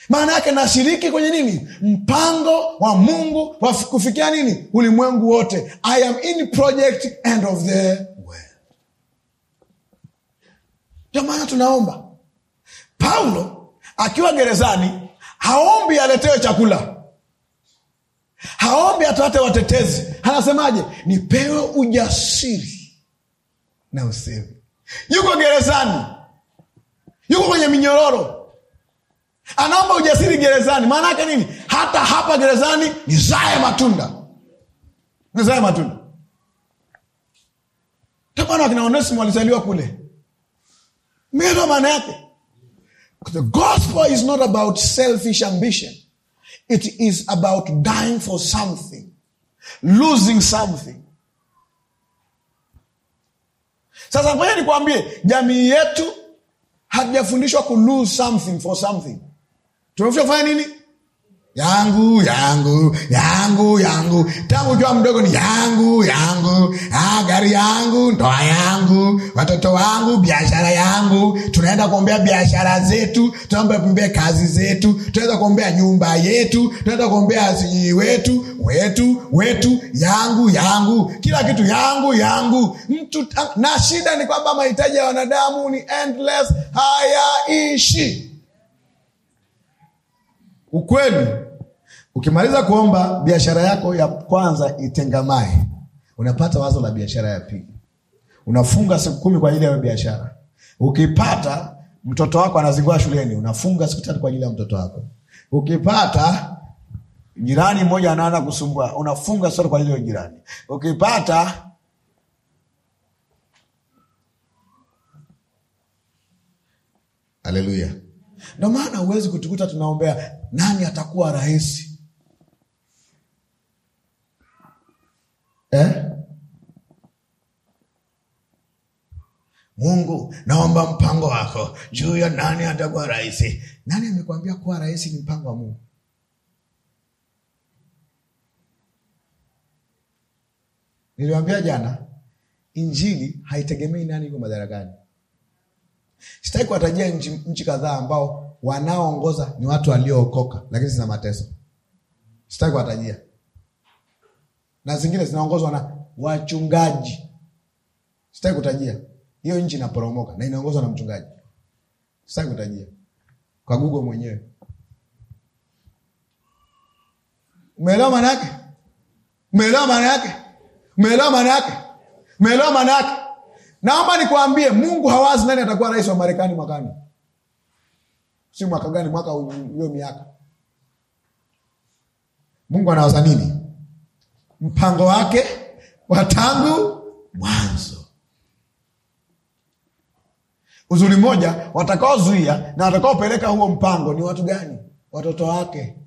Maana yake nashiriki kwenye nini? Mpango wa Mungu wa kufikia nini? Ulimwengu wote. I am in project end of the world. Ndio maana tunaomba Paulo akiwa gerezani haombi aletewe chakula, haombi atate watetezi. Anasemaje? Nipewe ujasiri na usemi. Yuko gerezani, yuko kwenye minyororo, anaomba ujasiri gerezani. Maana yake nini? Hata hapa gerezani nizae matunda, nizae matunda. Tapana, akina Onesimo walizaliwa kule, meelewa maana yake The gospel is not about selfish ambition. It is about dying for something, losing something. Sasa ngoja nikwambie, jamii yetu hatujafundishwa ku lose something for something. Tumefundishwa kufanya nini? yangu yangu yangu yangu tangu ukiwa mdogo ni yangu yangu ah, gari yangu ndoa yangu watoto wangu biashara yangu tunaenda kuombea biashara zetu tunaenda kuombea kazi zetu tunaweza kuombea nyumba yetu tunaenda kuombea sijui wetu wetu wetu yangu yangu kila kitu yangu yangu mtu na shida ni kwamba mahitaji ya wanadamu ni endless hayaishi Ukweli, ukimaliza kuomba, biashara yako ya kwanza itengamae, unapata wazo la biashara ya pili. Unafunga siku kumi kwa ajili ya biashara. Ukipata mtoto wako anazingua shuleni, unafunga siku tatu kwa ajili ya mtoto wako. Ukipata jirani mmoja anaanza kusumbua, unafunga sura kwa ajili ya jirani. Ukipata haleluya ndo maana huwezi kutukuta tunaombea nani atakuwa rahisi eh? Mungu, naomba mpango wako juu ya nani atakuwa rahisi Nani amekwambia kuwa rahisi ni mpango wa Mungu? Niliwambia jana, injili haitegemei nani iko madarakani. Sitaki kuwatajia nchi, nchi kadhaa ambao wanaoongoza ni watu waliookoka, lakini zina mateso. Sitaki kuwatajia, na zingine zinaongozwa na wachungaji. Sitaki kutajia, hiyo nchi inaporomoka na inaongozwa na mchungaji. Sitaki kutajia, kwa Google mwenyewe. Umeelewa maana yake? Umeelewa maana yake? Umeelewa maana yake? Umeelewa maana yake? Naomba nikuambie, Mungu hawazi nani atakuwa rais wa Marekani mwakani, si mwaka gani, mwaka hiyo miaka. Mungu anawaza nini? Mpango wake wa tangu mwanzo. Uzuri mmoja, watakaozuia na watakaopeleka huo mpango ni watu gani? Watoto wake.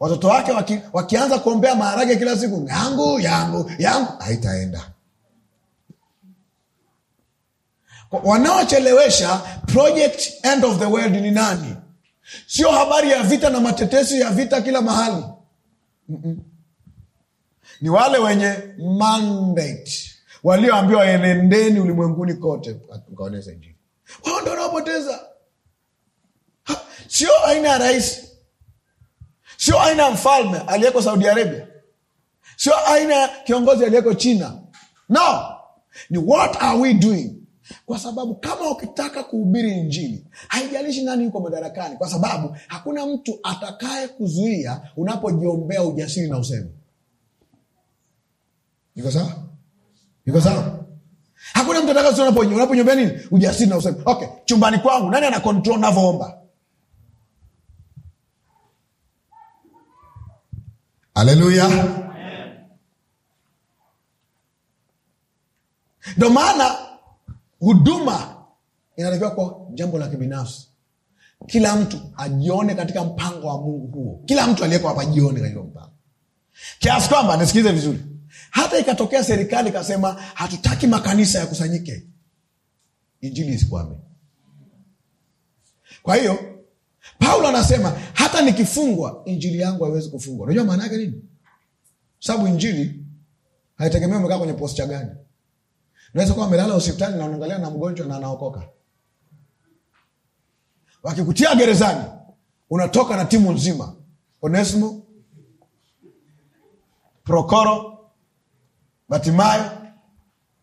Watoto wake waki, wakianza kuombea maharage kila siku, yangu yangu yangu, haitaenda Wanaochelewesha project end of the world ni nani? Sio habari ya vita na matetesi ya vita kila mahali. Mm-mm. Ni wale wenye mandate walioambiwa enendeni ulimwenguni kote mkaoneza Injili. Wao ndo wanaopoteza, sio aina ya rais, sio aina ya mfalme aliyeko Saudi Arabia, sio aina ya kiongozi aliyeko China. No, ni what are we doing kwa sababu kama ukitaka kuhubiri Injili, haijalishi nani yuko madarakani, kwa sababu hakuna mtu atakaye kuzuia unapojiombea ujasiri na usemi. Iko sawa? Iko sawa? Hakuna mtu atakaye unaponyombea nini? Ujasiri na usemi. Okay, chumbani kwangu nani ana kontrol navyoomba? Aleluya! Ndo maana Huduma inatakiwa kuwa jambo la kibinafsi. Kila mtu ajione katika mpango wa Mungu huo, kila mtu aliyeko hapa ajione katika mpango, kiasi kwamba, nisikilize vizuri, hata ikatokea serikali ikasema hatutaki makanisa yakusanyike, injili isikwame. Kwa hiyo Paulo anasema hata nikifungwa, injili yangu haiwezi kufungwa. Unajua maana yake nini? Sababu injili haitegemea umekaa kwenye posta gani. Unaweza kuwa amelala hospitali na unaangalia na mgonjwa na anaokoka. Wakikutia gerezani, unatoka na timu nzima: Onesimo, Prokoro, Batimayo.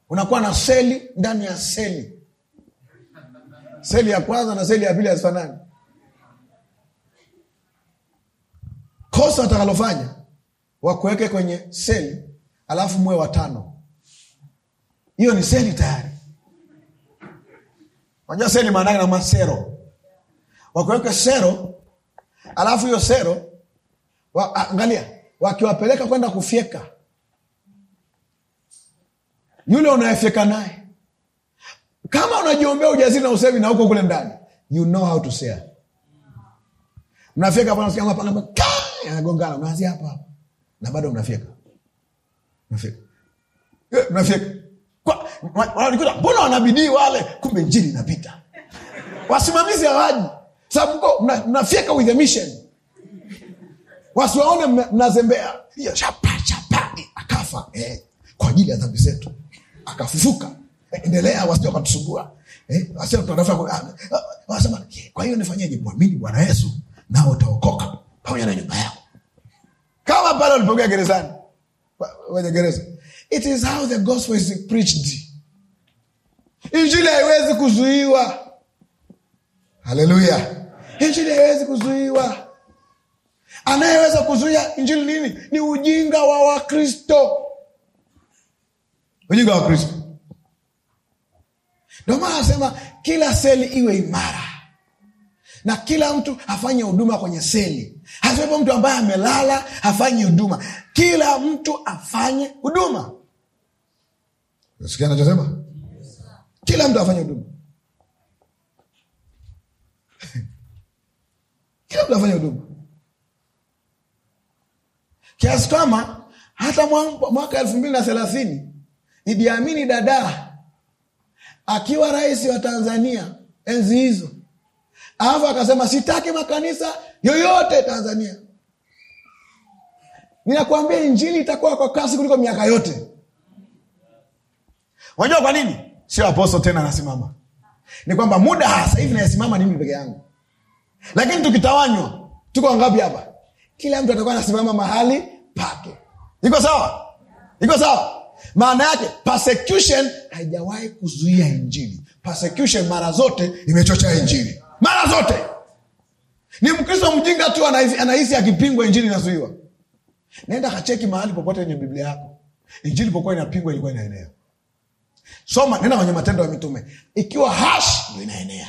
Unakuwa na seli ndani ya seli, seli ya kwanza na seli ya pili hazifanani. Kosa watakalofanya wakuweke kwenye seli, alafu muwe watano hiyo ni seli tayari. Unajua seli maana yake na masero, wakiweka sero, alafu hiyo sero wa, angalia, wakiwapeleka kwenda kufyeka, yule unayefyeka naye, kama unajiombea ujasiri na usemi na huko kule ndani, you know how to say, mnafyeka yanagongana, unaanzia hapa hapa na bado mnafyeka, mnafyeka, mnafyeka wanajikuta mbona wanabidii wale kumbe njiri inapita wasimamizi hawaji sababu mko mnafyeka with a mission wasiwaone mnazembea chapa chapa eh, akafa eh, kwa ajili ya dhambi zetu akafufuka eh, endelea wakatusumbua eh, ah, ah, wasema kwa hiyo nifanyeje mwamini bwana yesu nao utaokoka pamoja na nyumba yako kama pale walipokea gerezani wenye gereza it is how the gospel is preached Injili haiwezi kuzuiwa. Haleluya! Injili haiwezi kuzuiwa. Anayeweza kuzuia injili nini? Ni ujinga wa Wakristo, ujinga wa kristo Ndio maana anasema kila seli iwe imara na kila mtu afanye huduma kwenye seli, hasiwepo mtu ambaye amelala afanye huduma. Kila mtu afanye huduma. Nasikia anachosema kila mtu afanye huduma, [laughs] kila mtu afanye huduma kiasi kwama hata mwaka elfu mbili na thelathini Idi Amini dada akiwa rais wa Tanzania enzi hizo, alafu akasema sitaki makanisa yoyote Tanzania. Ninakuambia injili itakuwa kwa kasi kuliko miaka yote. Unajua kwa nini? sio aposto tena anasimama ni kwamba muda hasa hivi nayesimama ni mimi peke yangu lakini tukitawanywa tuko wangapi hapa kila mtu atakuwa anasimama mahali pake iko sawa iko sawa maana yake persecution haijawahi kuzuia injili persecution mara zote imechocha injili mara zote ni mkristo mjinga tu anahisi akipingwa injili inazuiwa naenda kacheki mahali popote kwenye biblia yako injili pokuwa inapingwa ilikuwa inaenea soma nena kwenye matendo ya mitume ikiwa hash ndo inaenea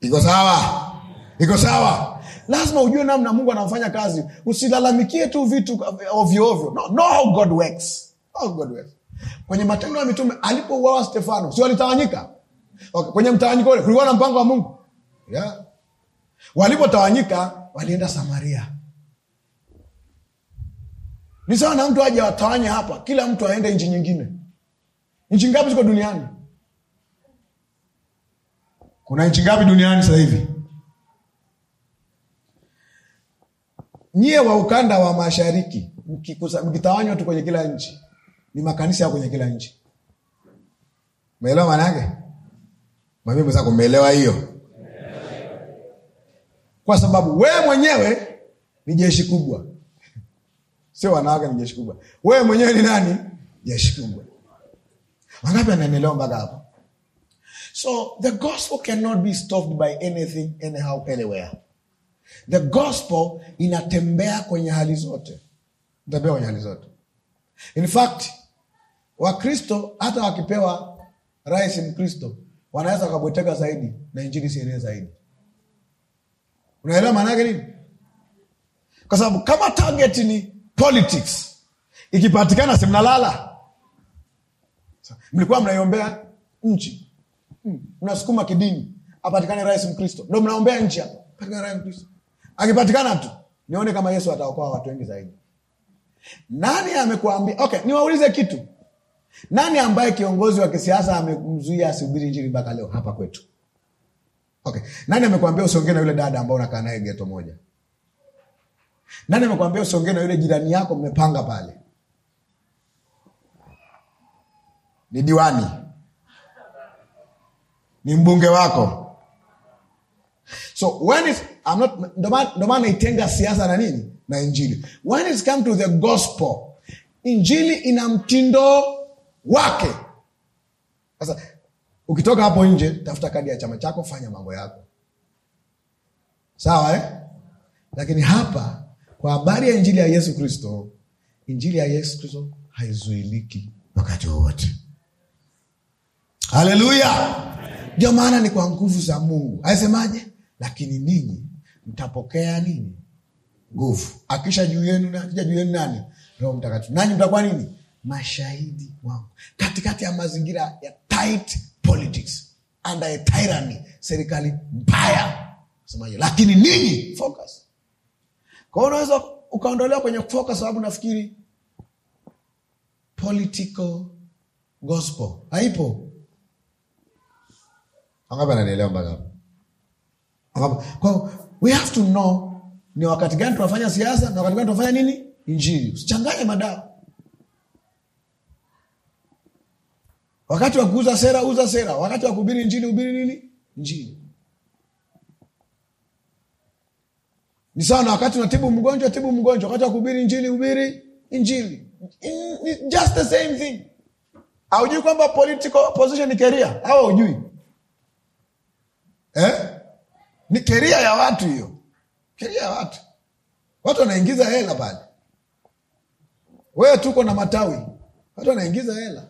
iko sawa iko sawa lazima ujue namna mungu anafanya kazi usilalamikie tu vitu ovyoovyo no, no how god works. How god works kwenye matendo ya mitume alipouawa stefano si walitawanyika okay. kwenye mtawanyiko ule kulikuwa na mpango wa mungu yeah. walipotawanyika walienda samaria ni sawa na mtu aje watawanye hapa, kila mtu aende nchi nyingine. Nchi ngapi ziko duniani? Kuna nchi ngapi duniani sasa hivi? Nyie wa ukanda wa mashariki mkitawanywa tu kwenye kila nchi, ni makanisa ya kwenye kila nchi. Umeelewa maana yake? Mwambie umeelewa hiyo, kwa sababu wewe mwenyewe ni jeshi kubwa sio wanawake ni jeshi kubwa wewe mwenyewe ni nani jeshi kubwa wangapi anaendelea mpaka hapo so the gospel cannot be stopped by anything anyhow anywhere the gospel inatembea kwenye hali zote inatembea kwenye hali zote in fact wakristo hata wakipewa rais mkristo wanaweza wakabweteka zaidi na injili sienee zaidi unaelewa maana yake nini kwa sababu kama target ni politics ikipatikana, si mnalala? Mlikuwa mnaiombea nchi, hmm, mnasukuma kidini, apatikane rais Mkristo, ndo mnaombea nchi hapa. Patikana rais Mkristo, akipatikana tu nione kama Yesu ataokoa watu wengi zaidi. Nani amekuambia? Okay, niwaulize kitu. Nani ambaye kiongozi wa kisiasa amemzuia asubiri injili mpaka leo hapa kwetu? Okay, nani amekuambia usiongee na yule dada ambao unakaa naye geto moja? Nani amekwambia usongee na yule jirani yako? Mmepanga pale, ni diwani, ni mbunge wako. So when is I'm not, ndo maana naitenga siasa na nini na injili. When it come to the gospel, injili ina mtindo wake. Sasa ukitoka hapo nje, tafuta kadi ya chama chako, fanya mambo yako sawa eh? Lakini hapa kwa habari ya injili ya Yesu Kristo. Injili ya Yesu Kristo haizuiliki wakati wowote. Haleluya! Ndio maana ni kwa nguvu za Mungu. Aisemaje? Lakini ninyi mtapokea nini? Nguvu akisha juu yenu, akija juu yenu nani? Roho Mtakatifu, nanyi mtakuwa nini? Mashahidi wangu katikati ya mazingira ya tight politics, under a tyranny, serikali mbaya. Semaje? Lakini ninyi focus kwao unaweza ukaondolewa kwenye kufoka, sababu nafikiri political gospel haipo. angapa nanielewa mpaka kwao we have to know ni wakati gani tunafanya siasa na wakati gani tunafanya nini, Injili. Usichanganye madawa. Wakati wa kuuza sera, uza sera. Wakati wa kuhubiri njini ubiri nini, njini Ni sawa na wakati unatibu mgonjwa, tibu mgonjwa. Wakati wa kuhubiri Injili, hubiri Injili. In, just the same thing. Haujui kwamba political position ni keria au ujui eh? Ni keria ya watu hiyo, keria ya watu. Watu wanaingiza hela pale, wewe tuko na matawi, watu wanaingiza hela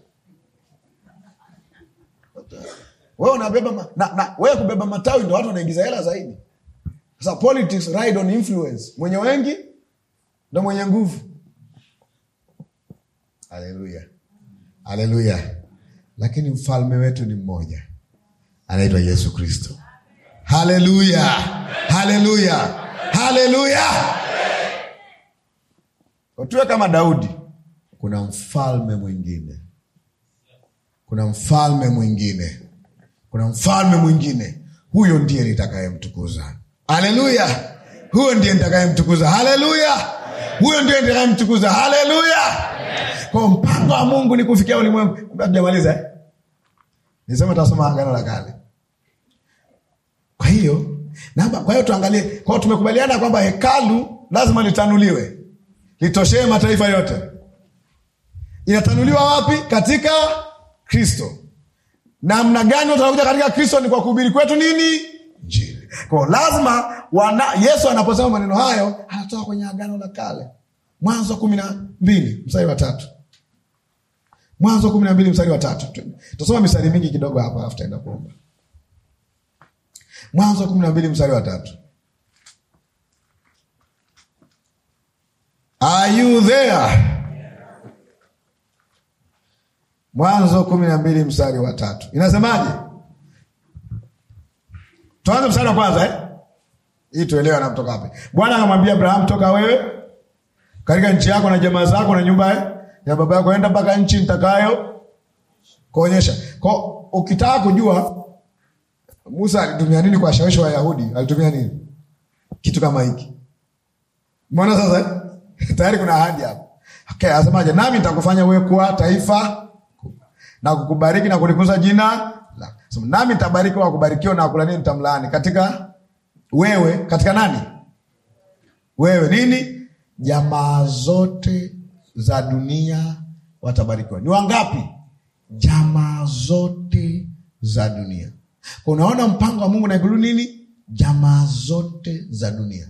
wewe unabeba ma... na, na, kubeba matawi ndo watu wanaingiza hela zaidi sasa politics ride on influence mwenye wengi ndo mwenye nguvu haleluya haleluya lakini mfalme wetu ni mmoja anaitwa yesu kristo haleluya haleluya haleluya utuwe kama daudi kuna mfalme mwingine kuna mfalme mwingine kuna mfalme mwingine huyo ndiye nitakayemtukuza haleluya huyo ndiye nitakayemtukuza haleluya huyo ndiye nitakayemtukuza haleluya kwa mpango wa mungu ni kufikia ulimwengu tujamaliza eh? nisema tasoma agano la kale kwa hiyo namba kwa hiyo tuangalie kwao tumekubaliana kwamba hekalu lazima litanuliwe litoshee mataifa yote inatanuliwa wapi katika kristo namna gani utakuja katika kristo ni kwa kuhubiri kwetu nini njia kwao lazima wana, yesu anaposema maneno hayo anatoka kwenye agano la kale mwanzo kumi na mbili mstari wa tatu mwanzo kumi na mbili mstari wa tatu tutasoma mistari mingi kidogo hapa alafu taenda kuomba mwanzo kumi na mbili mstari wa tatu Are you there? Mwanzo kumi na mbili mstari wa tatu inasemaje? Tuanze mstari wa kwanza eh? Ili tuelewe anamtoka wapi. Bwana akamwambia Abraham, toka wewe katika nchi yako na jamaa zako na nyumba eh? ya baba yako, enda mpaka nchi nitakayo kuonyesha. Kwa ukitaka kujua Musa alitumia nini kwa shawishi wa Yahudi, alitumia nini? Kitu kama hiki. Mbona sasa eh? [laughs] tayari kuna ahadi hapo. Okay, asemaje? Nami nitakufanya wewe kuwa taifa na kukubariki na kulikuza jina nami wa wakubarikiwa na wakulani nitamlaani katika wewe katika nani wewe nini jamaa zote za dunia watabarikiwa ni wangapi jamaa zote za dunia kwa unaona mpango wa mungu ikulu nini jamaa zote za dunia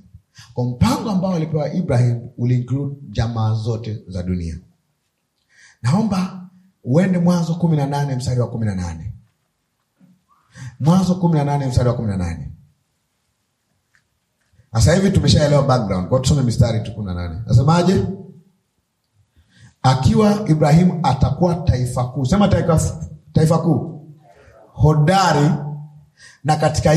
kwa mpango ambao alipewa Ibrahim include jamaa zote za dunia. Naomba uende Mwanzo kumi na nane mstari wa kumi na nane Mwanzo kumi na nane mstari wa kumi na nane. Sasa hivi tumeshaelewa background, kwa tusome mistari tu kumi na nane. Nasemaje? Akiwa Ibrahimu atakuwa taifa kuu, sema taifa kuu, hodari na katika